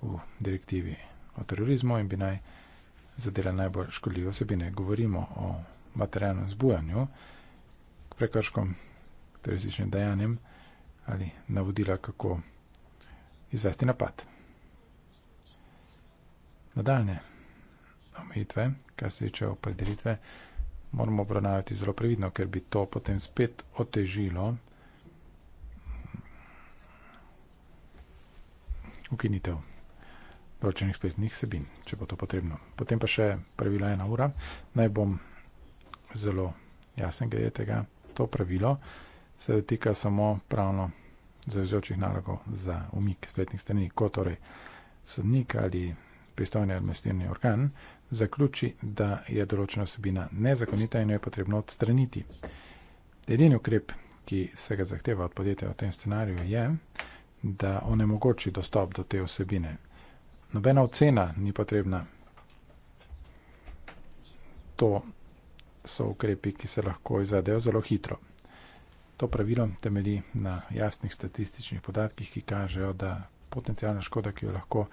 A: v direktivi o terorizmu in bi naj zadela najbolj škodljive osebine. Govorimo o materialnem zbujanju, k prekrškom, k terorističnim dejanjem ali navodila, kako izvesti napad. Nadaljne omejitve, kar se tiče opredelitve, moramo obravnavati zelo previdno, ker bi to potem spet otežilo ukinitev določenih spletnih sebin, če bo to potrebno. Potem pa še pravila ena ura. Naj bom zelo jasen glede tega. To pravilo se dotika samo pravno zavezujočih nalogov za umik spletnih strani, ko torej sodnik ali pristojni administrativni organ zaključi, da je določena osebina nezakonita in jo je potrebno odstraniti. Edini ukrep, ki se ga zahteva od podjetja v tem scenariju, je, da onemogoči dostop do te osebine. Nobena ocena ni potrebna. To so ukrepi, ki se lahko izvedejo zelo hitro. To pravilo temelji na jasnih statističnih podatkih, ki kažejo, da potencijalna škoda, ki jo lahko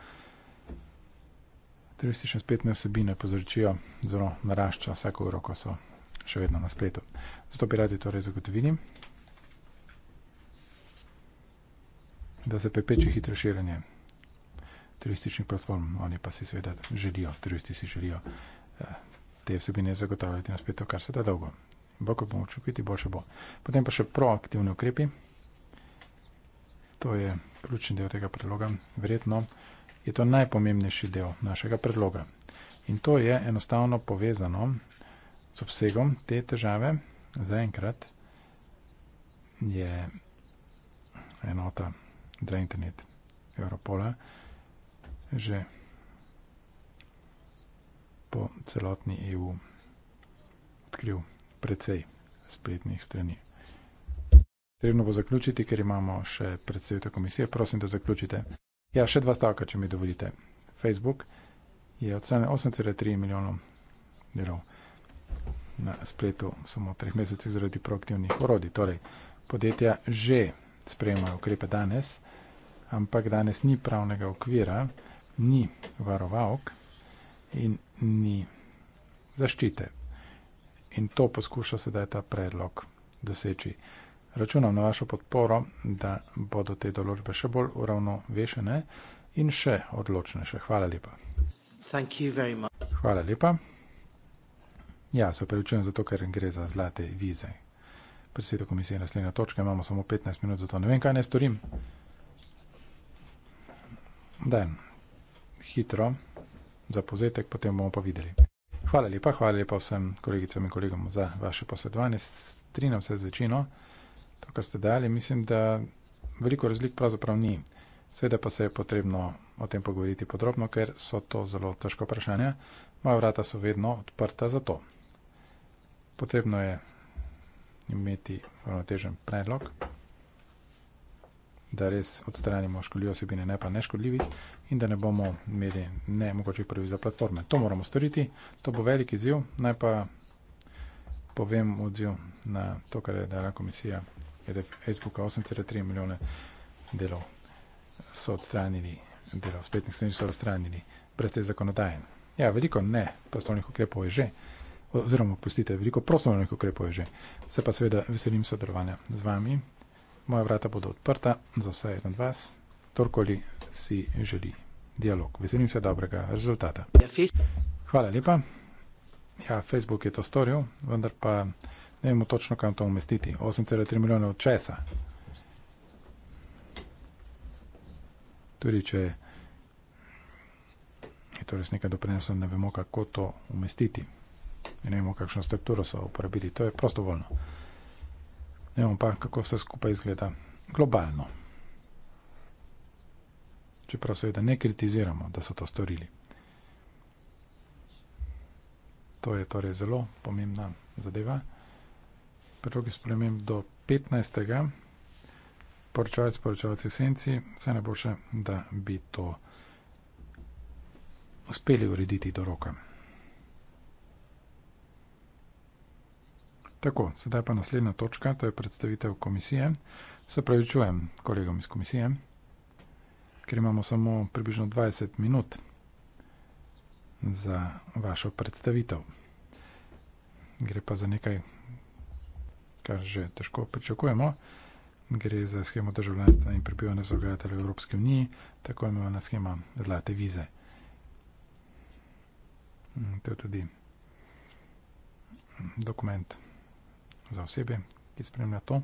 A: teroristične spletne osebine povzročijo, zelo narašča vsako uro, ko so še vedno na spletu. Zato bi radi torej zagotovili, da se pepeči hitro širjenje terorističnih platform. Oni pa si seveda želijo, teroristi si želijo. Eh, te vsebine zagotavljati na spletu, kar se da dolgo. Bolj kot bomo čutili, boljše bo. Potem pa še proaktivni ukrepi. To je ključni del tega predloga. Verjetno je to najpomembnejši del našega predloga. In to je enostavno povezano s obsegom te težave. Zaenkrat je enota za internet Europola že po celotni EU odkril precej spletnih strani. Trebno bo zaključiti, ker imamo še predsedujte komisije. Prosim, da zaključite. Ja, še dva stavka, če mi dovolite. Facebook je ocenjen 8,3 milijonov delov na spletu samo v treh mesecih zaradi proaktivnih orodi. Torej, podjetja že sprejemajo ukrepe danes, ampak danes ni pravnega okvira, ni varovalk in ni zaščite. In to poskuša sedaj ta predlog doseči. Računam na vašo podporo, da bodo te določbe še bolj uravnovešene in še odločnejše. Hvala lepa. Hvala lepa. Ja, se upravičujem zato, ker gre za zlate vize. Predsednik komisije je naslednja točka, imamo samo 15 minut, zato ne vem, kaj ne storim. Dan, hitro za povzetek, potem bomo pa videli. Hvala lepa, hvala lepa vsem kolegicam in kolegom za vaše posedovanje. Strinjam se z večino, to, kar ste dali. Mislim, da veliko razlik pravzaprav ni. Seveda pa se je potrebno o tem pogovoriti podrobno, ker so to zelo težko vprašanje. Moja vrata so vedno odprta za to. Potrebno je imeti ravnotežen predlog, da res odstranimo škodljive osebine, ne pa neškodljivih in da ne bomo imeli ne mogočih prvih za platforme. To moramo storiti, to bo veliki ziv. Naj pa povem odziv na to, kar je dala komisija glede Facebooka. 8,3 milijone delov so odstranili, delov spletnih snovi so odstranili brez te zakonodaje. Ja, veliko ne prostovoljnih ukrepov je že, oziroma pustite, veliko prostovoljnih ukrepov je že. Se pa seveda veselim sodelovanja z vami. Moja vrata bodo odprta za vse en od vas. Torkoli si želi dialog. Veselim se dobrega rezultata. Ja, Hvala lepa. Ja, Facebook je to storil, vendar pa ne vemo točno, kam to umestiti. 8,3 milijona od česa. Tudi, če je to res nekaj doprineslo, ne vemo, kako to umestiti. Ne vemo, kakšno strukturo so uporabili. To je prostovoljno. Ne vemo pa, kako vse skupaj izgleda globalno čeprav seveda ne kritiziramo, da so to storili. To je torej zelo pomembna zadeva. Predlogi sprememb do 15. poročevalc, poročevalci v senci, vse najboljše, da bi to uspeli urediti do roka. Tako, sedaj pa naslednja točka, to je predstavitev komisije. Se pravi, čujem kolegom iz komisije ker imamo samo približno 20 minut za vašo predstavitev. Gre pa za nekaj, kar že težko pričakujemo. Gre za schemo državljanstva in prebivanja za vgajatelje Evropske unije, tako imenovana schema zlate vize. To je tudi dokument za osebe, ki spremlja to.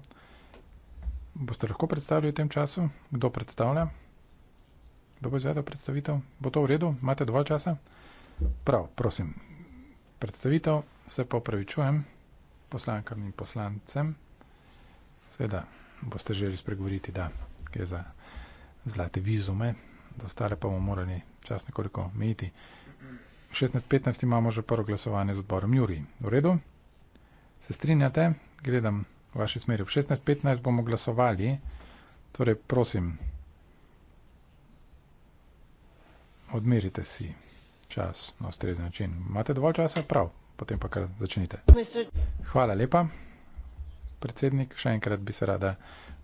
A: Boste lahko predstavili v tem času, kdo predstavlja? da bo izvedel predstavitev. Bo to v redu? Imate dovolj časa? Prav, prosim. Predstavitev se pa opravičujem poslankam in poslancem. Seveda boste želi spregovoriti, da je za zlate vizume, da ostale pa bomo morali čas nekoliko mejiti. 16.15 imamo že prvo glasovanje z odborom Juri. V redu? Se strinjate? Gledam v vaši smeri. V 16.15 bomo glasovali. Torej, prosim. odmerite si čas na ustrezen način. Imate dovolj časa, prav, potem pa kar začnite. Hvala lepa, predsednik. Še enkrat bi se rada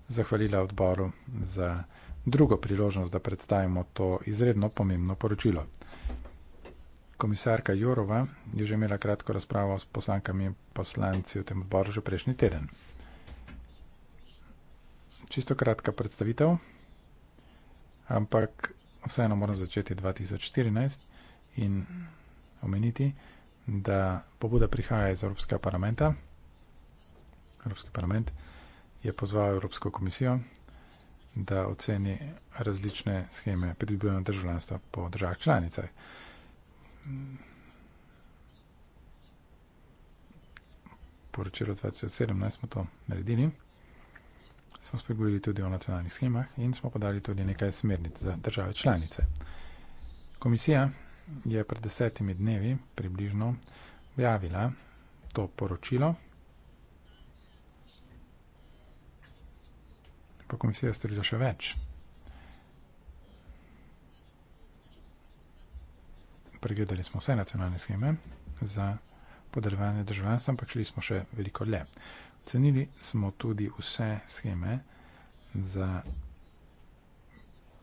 A: zahvalila odboru za drugo priložnost, da predstavimo to izredno pomembno poročilo. Komisarka Jourova je že imela kratko razpravo s poslankami in poslanci v tem odboru že prejšnji teden. Čisto kratka predstavitev, ampak vseeno moram začeti 2014 in omeniti, da pobuda prihaja iz Evropskega parlamenta. Evropski parlament je pozval Evropsko komisijo, da oceni različne scheme pridobivanja državljanstva po državah članicah. Poročilo 2017 smo to naredili smo spregovorili tudi o nacionalnih schemah in smo podali tudi nekaj smernic za države članice. Komisija je pred desetimi dnevi približno objavila to poročilo. Pa komisija je storila še več. Pregledali smo vse nacionalne scheme za podeljevanje državljanstva, ampak šli smo še veliko dlje. Cenili smo tudi vse scheme za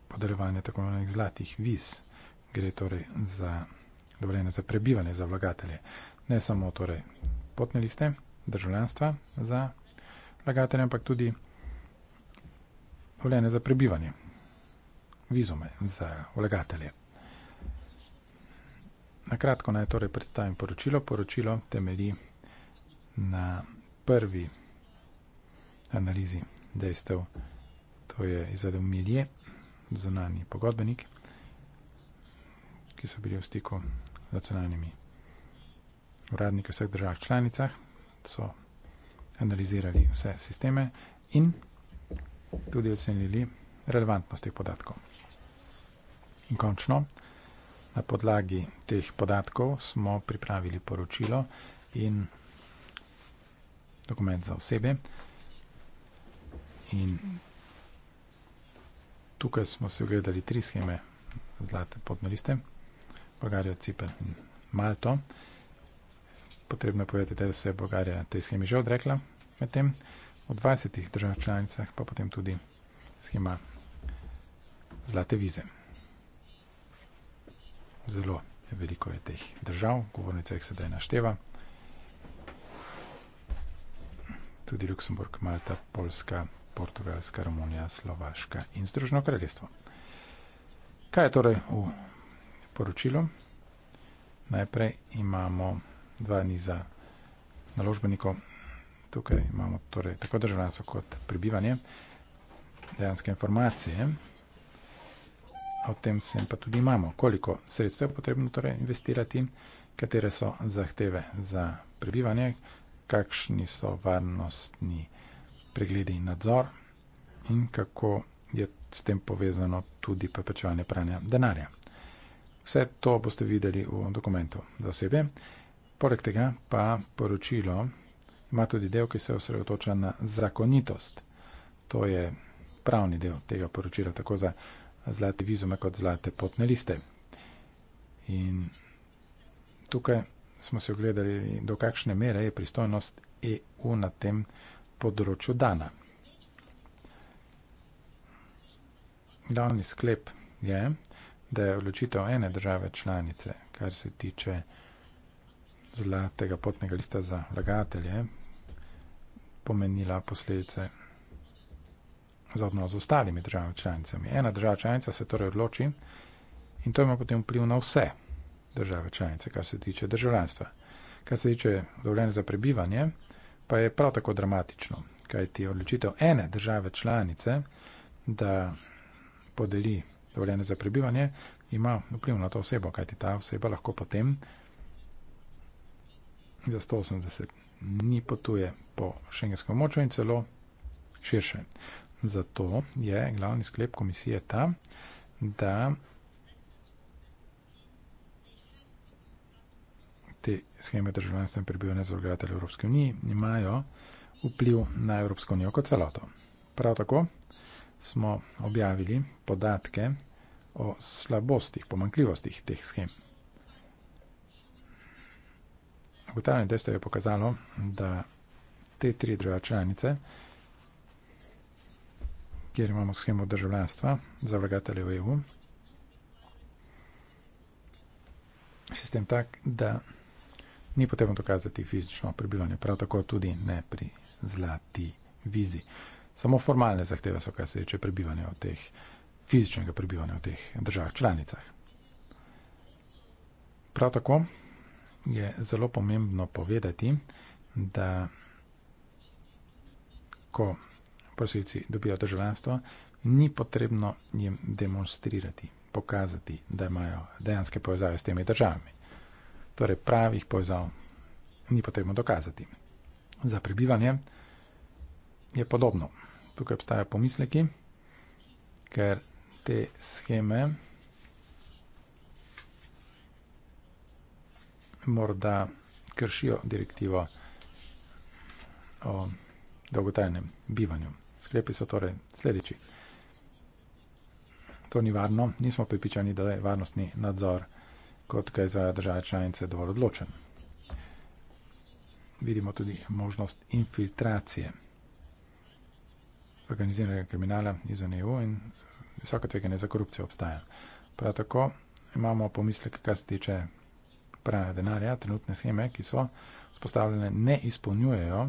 A: podarovanje tako imenovanih zlatih viz. Gre torej za dovoljenje za prebivanje za vlagatelje. Ne samo torej potne liste, državljanstva za vlagatelje, ampak tudi dovoljenje za prebivanje, vizume za vlagatelje. Na kratko naj torej predstavim poročilo. Poročilo temelji na prvi analizi dejstev, to je izvedel Milje, zunani pogodbenik, ki so bili v stiku z nacionalnimi uradniki vseh držav članicah, so analizirali vse sisteme in tudi ocenili relevantnost teh podatkov. In končno, na podlagi teh podatkov smo pripravili poročilo in dokument za osebe. In tukaj smo si ogledali tri scheme zlate potne liste, Bolgarijo, Cipr in Malto. Potrebno je povedati, da se je Bolgarija tej schemi že odrekla med tem. V 20 državah članicah pa potem tudi schema zlate vize. Zelo veliko je teh držav, govornica jih sedaj našteva. tudi Luksemburg, Malta, Poljska, Portugalska, Romunija, Slovaška in Združeno kraljestvo. Kaj je torej v poročilu? Najprej imamo dva niza naložbenikov. Tukaj imamo torej tako državljanstvo kot prebivanje, dejanske informacije. O tem sem pa tudi imamo, koliko sredstev je potrebno torej investirati, katere so zahteve za prebivanje, kakšni so varnostni pregledi in nadzor in kako je s tem povezano tudi preprečevanje pranja denarja. Vse to boste videli v dokumentu za osebje. Poleg tega pa poročilo ima tudi del, ki se osredotoča na zakonitost. To je pravni del tega poročila, tako za zlate vizume kot zlate potne liste. In tukaj smo si ogledali, do kakšne mere je pristojnost EU na tem področju dana. Glavni sklep je, da je odločitev ene države članice, kar se tiče zlatega potnega lista za vlagatelje, pomenila posledice za odnos z ostalimi državami članicami. Ena država članica se torej odloči in to ima potem vpliv na vse države članice, kar se tiče državljanstva. Kar se tiče dovoljenja za prebivanje, pa je prav tako dramatično, kajti odločitev ene države članice, da podeli dovoljenje za prebivanje, ima vpliv na to osebo, kajti ta oseba lahko potem za 180 dni potuje po šengenskem območju in celo širše. Zato je glavni sklep komisije ta, da te scheme državljanstva in prebivanja za vlagatelje Evropske unije imajo vpliv na Evropsko unijo kot celoto. Prav tako smo objavili podatke o slabostih, pomankljivostih teh schem. Ugotavljanje dejstev je pokazalo, da te tri države članice, kjer imamo schemo državljanstva za vlagatelje v EU, sistem tak, da ni potrebno dokazati fizično prebivanje, prav tako tudi ne pri zlati vizi. Samo formalne zahteve so, kar se tiče prebivanja v teh, fizičnega prebivanja v teh državah članicah. Prav tako je zelo pomembno povedati, da ko prosilci dobijo državljanstvo, ni potrebno jim demonstrirati, pokazati, da imajo dejanske povezave s temi državami torej pravih povezav ni potrebno dokazati. Za prebivanje je podobno. Tukaj obstajajo pomisleki, ker te scheme morda kršijo direktivo o dolgotajnem bivanju. Sklepi so torej sledeči. To ni varno, nismo pripičani, da je varnostni nadzor vsega kot kaj za države članice dovolj odločen. Vidimo tudi možnost infiltracije organiziranega kriminala izven EU in visoka tveganja za korupcijo obstaja. Prav tako imamo pomisleke, kar se tiče pranja denarja, trenutne scheme, ki so spostavljene, ne izpolnjujejo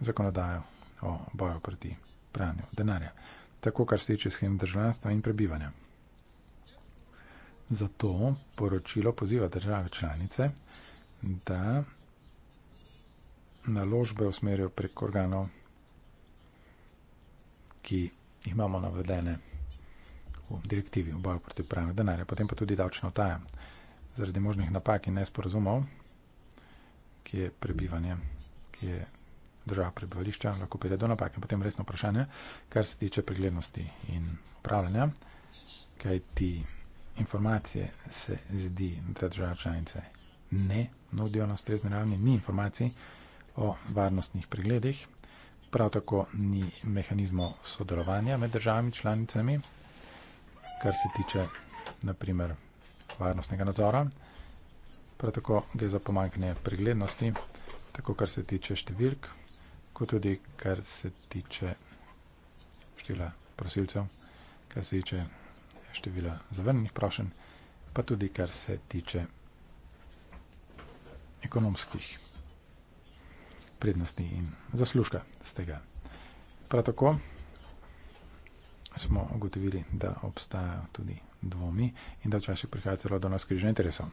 A: zakonodajo o boju proti pranju denarja. Tako, kar se tiče schem državljanstva in prebivanja. Zato poročilo poziva države članice, da naložbe usmerijo prek organov, ki imamo navedene v direktivi o boju proti pranju denarja, potem pa tudi davčna utaja zaradi možnih napak in nesporazumov, ki je prebivanje, ki je država prebivališča, lahko pride do napak in potem resno vprašanje, kar se tiče preglednosti in upravljanja, kaj ti je informacije se zdi, da države članice ne nudijo na ustrezni ravni, ni informacij o varnostnih pregledih, prav tako ni mehanizmov sodelovanja med državami članicami, kar se tiče naprimer varnostnega nadzora, prav tako gre za pomankanje preglednosti, tako kar se tiče številk, kot tudi kar se tiče števila prosilcev, kar se tiče števila zavrnjenih prošenj, pa tudi kar se tiče ekonomskih prednosti in zaslužka z tega. Prav tako smo ugotovili, da obstajajo tudi dvomi in da včasih prihaja celo do nas križenih interesov.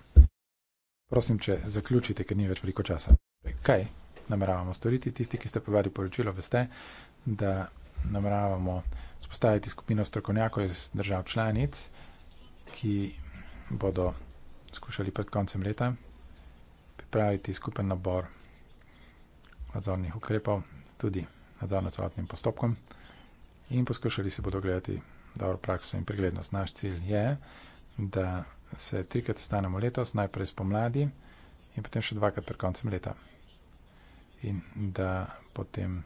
A: Prosim, če zaključite, ker ni več veliko časa. Kaj nameravamo storiti? Tisti, ki ste povedali poročilo, veste, da nameravamo spostaviti skupino strokovnjakov iz držav članic, ki bodo skušali pred koncem leta pripraviti skupen nabor nadzornih ukrepov, tudi nadzor nad celotnim postopkom in poskušali se bodo gledati dobro prakso in preglednost. Naš cilj je, da se trikrat sestanemo letos, najprej spomladi in potem še dvakrat pred koncem leta. In da potem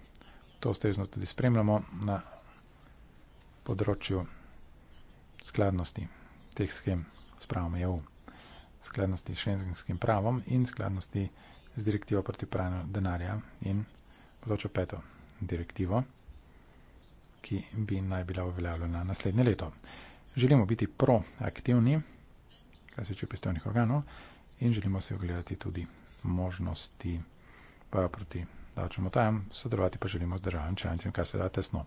A: to ustrezno tudi spremljamo na področju skladnosti teh schem s pravom EU, skladnosti s šengenskim pravom in skladnosti z direktivo proti pranju denarja in bodočo peto direktivo, ki bi naj bila uveljavljena naslednje leto. Želimo biti proaktivni, kar se tiče pristojnih organov, in želimo si ogledati tudi možnosti boja proti denarju plačamo tam, sodelovati pa želimo z državami članicami, kar se da tesno.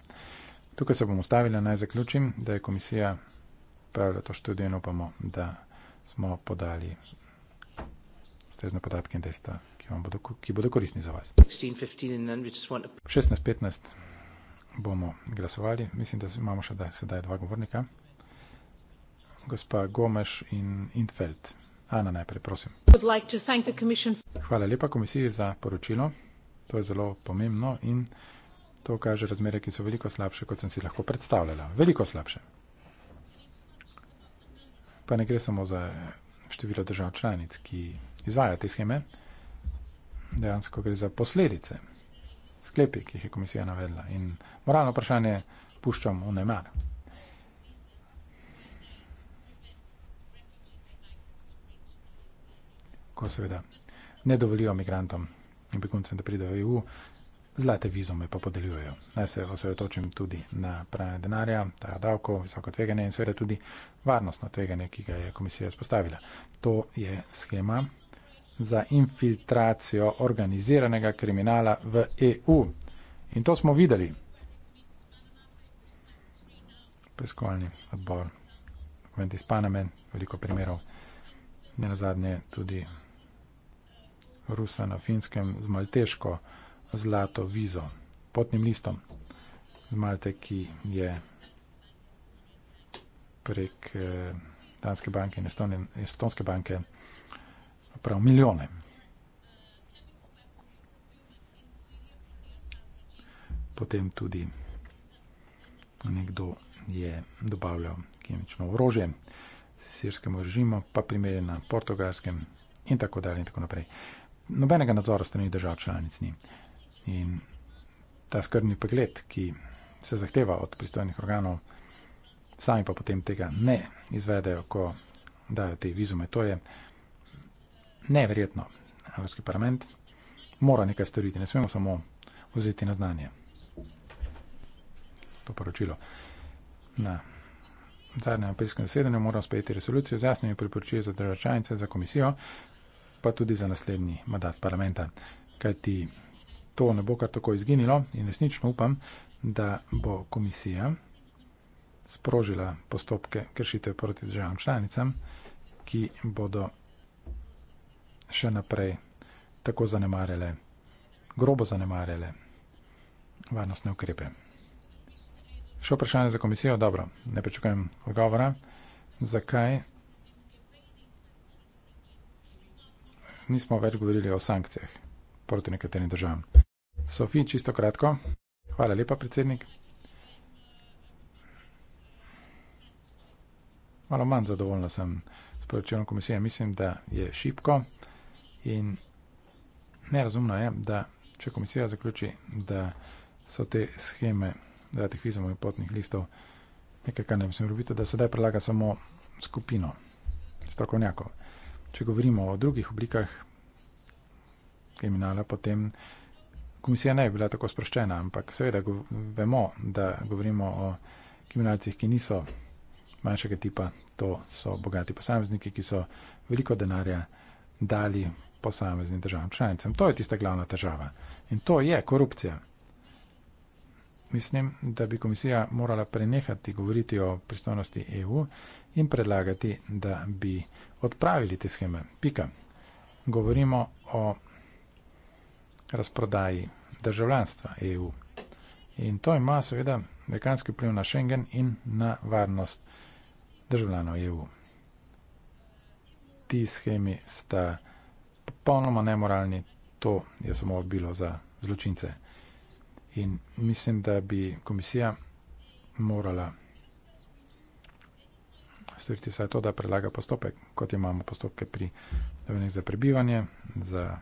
A: Tukaj se bom ustavila, naj zaključim, da je komisija pravila to študijo in upamo, da smo podali ustrezne podatke in dejstva, ki, bodo, ki bodo koristni za vas. 16.15 bomo glasovali, mislim, da imamo še da, sedaj dva govornika. Gospa Gomeš in Intfeld. Ana najprej, prosim. Hvala lepa komisiji za poročilo. To je zelo pomembno in to kaže razmere, ki so veliko slabše, kot sem si lahko predstavljala. Veliko slabše. Pa ne gre samo za število držav članic, ki izvaja te scheme, dejansko gre za posledice, sklepi, ki jih je komisija navedla in moralno vprašanje puščam v nemar. Ko seveda ne dovolijo migrantom beguncem, da pridejo v EU, zlate vizume pa podeljujejo. Naj se osredotočim tudi na pranje denarja, tajo davkov, visoko tveganje in seveda tudi varnostno tveganje, ki ga je komisija spostavila. To je schema za infiltracijo organiziranega kriminala v EU. In to smo videli. Preiskovalni odbor, dokumenti iz Paname, veliko primerov, ne nazadnje tudi Rusa na finskem z malteško zlato vizo, potnim listom z Malte, ki je prek eh, Danske banke in Estonske banke prav milijone. Potem tudi nekdo je dobavljal kemično orožje sirskemu režimu, pa primerjena portugalskem in tako dalje in tako naprej nobenega nadzora strani držav članic ni. In ta skrbni pregled, ki se zahteva od pristojnih organov, sami pa potem tega ne izvedejo, ko dajo te vizume. To je neverjetno. Evropski parlament mora nekaj storiti, ne smemo samo vzeti na znanje to poročilo. Na zadnjem evropskem zasedanju moramo sprejeti resolucijo z jasnimi priporočili za državljanice, za komisijo, pa tudi za naslednji mandat parlamenta. Kajti to ne bo kar tako izginilo in resnično upam, da bo komisija sprožila postopke kršitev proti državam članicam, ki bodo še naprej tako zanemarjale, grobo zanemarjale varnostne ukrepe. Še vprašanje za komisijo? Dobro, ne pričakujem odgovora. Zakaj nismo več govorili o sankcijah proti nekaterim državam. Sofij, čisto kratko. Hvala lepa, predsednik. Malo manj zadovoljna sem s poročilom komisije. Mislim, da je šipko in nerazumno je, da če komisija zaključi, da so te scheme dodatnih vizumov in potnih listov nekaj, kar ne mislim, da se zdaj predlaga samo skupino strokovnjakov če govorimo o drugih oblikah kriminala, potem komisija ne bi bila tako sproščena, ampak seveda gov, vemo, da govorimo o kriminalcih, ki niso manjšega tipa, to so bogati posamezniki, ki so veliko denarja dali posameznim državam članicam. To je tista glavna težava in to je korupcija. Mislim, da bi komisija morala prenehati govoriti o pristojnosti EU in predlagati, da bi odpravili te scheme. Pika. Govorimo o razprodaji državljanstva EU. In to ima seveda velikanski vpliv na Schengen in na varnost državljanov EU. Ti schemi sta popolnoma nemoralni, to je samo bilo za zločince. In mislim, da bi komisija morala storiti vse to, da predlaga postopek, kot imamo postopke pri dovoljenih za prebivanje, za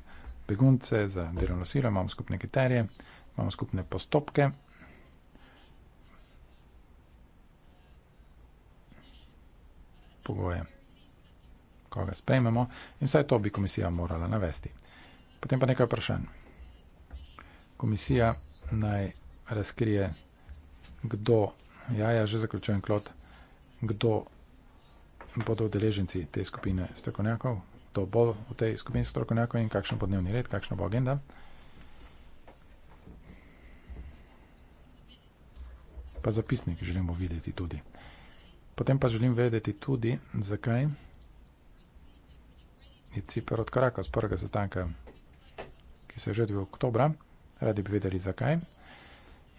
A: begunce, za delovno silo, imamo skupne kriterije, imamo skupne postopke. Pogoje, koga sprejmemo, in vse to bi komisija morala navesti. Potem pa nekaj vprašanj. Komisija naj razkrije, kdo, ja, ja, že zaključujem klot, kdo bodo udeleženci te skupine strokovnjakov, to bo v tej skupini strokovnjakov in kakšen bo dnevni red, kakšna bo agenda. Pa zapisnik želimo videti tudi. Potem pa želim vedeti tudi, zakaj je Cipr odkorakal z prvega sestanka, ki se je že odvil oktobra. Radi bi vedeli, zakaj.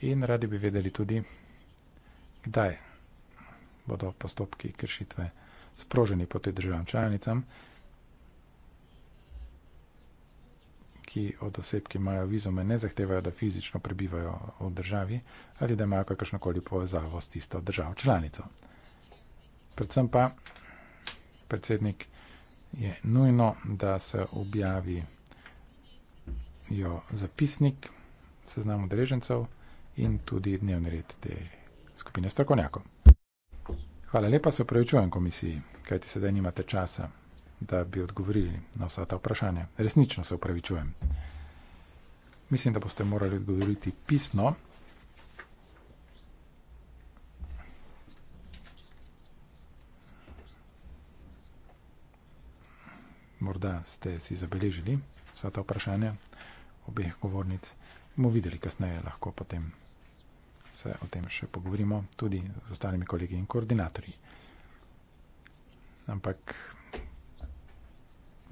A: In radi bi vedeli tudi, kdaj bodo postopki kršitve vsega sproženi po tej državam članicam, ki od oseb, ki imajo vizume, ne zahtevajo, da fizično prebivajo v državi ali da imajo kakršnokoli povezavo s tisto državo članico. Predvsem pa predsednik je nujno, da se objavi jo zapisnik seznam udeležencev in tudi dnevni red te skupine strokovnjakov. Hvala lepa, se upravičujem komisiji, kajti sedaj nimate časa, da bi odgovorili na vsa ta vprašanja. Resnično se upravičujem. Mislim, da boste morali odgovoriti pisno. Morda ste si zabeležili vsa ta vprašanja obeh govornic in bomo videli kasneje lahko potem se o tem še pogovorimo tudi z ostalimi kolegi in koordinatorji. Ampak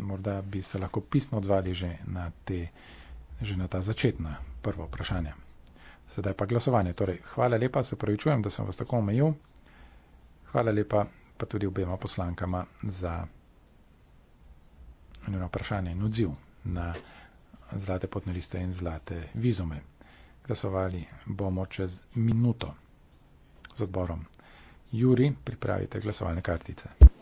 A: morda bi se lahko pisno odzvali že na, te, že na ta začetna prva vprašanja. Sedaj pa glasovanje. Torej, hvala lepa, se pravi, čujem, da sem vas tako omejil. Hvala lepa pa tudi obema poslankama za vprašanje in odziv na zlate potne liste in zlate vizume. Glasovali bomo čez minuto z odborom. Juri, pripravite glasovalne kartice.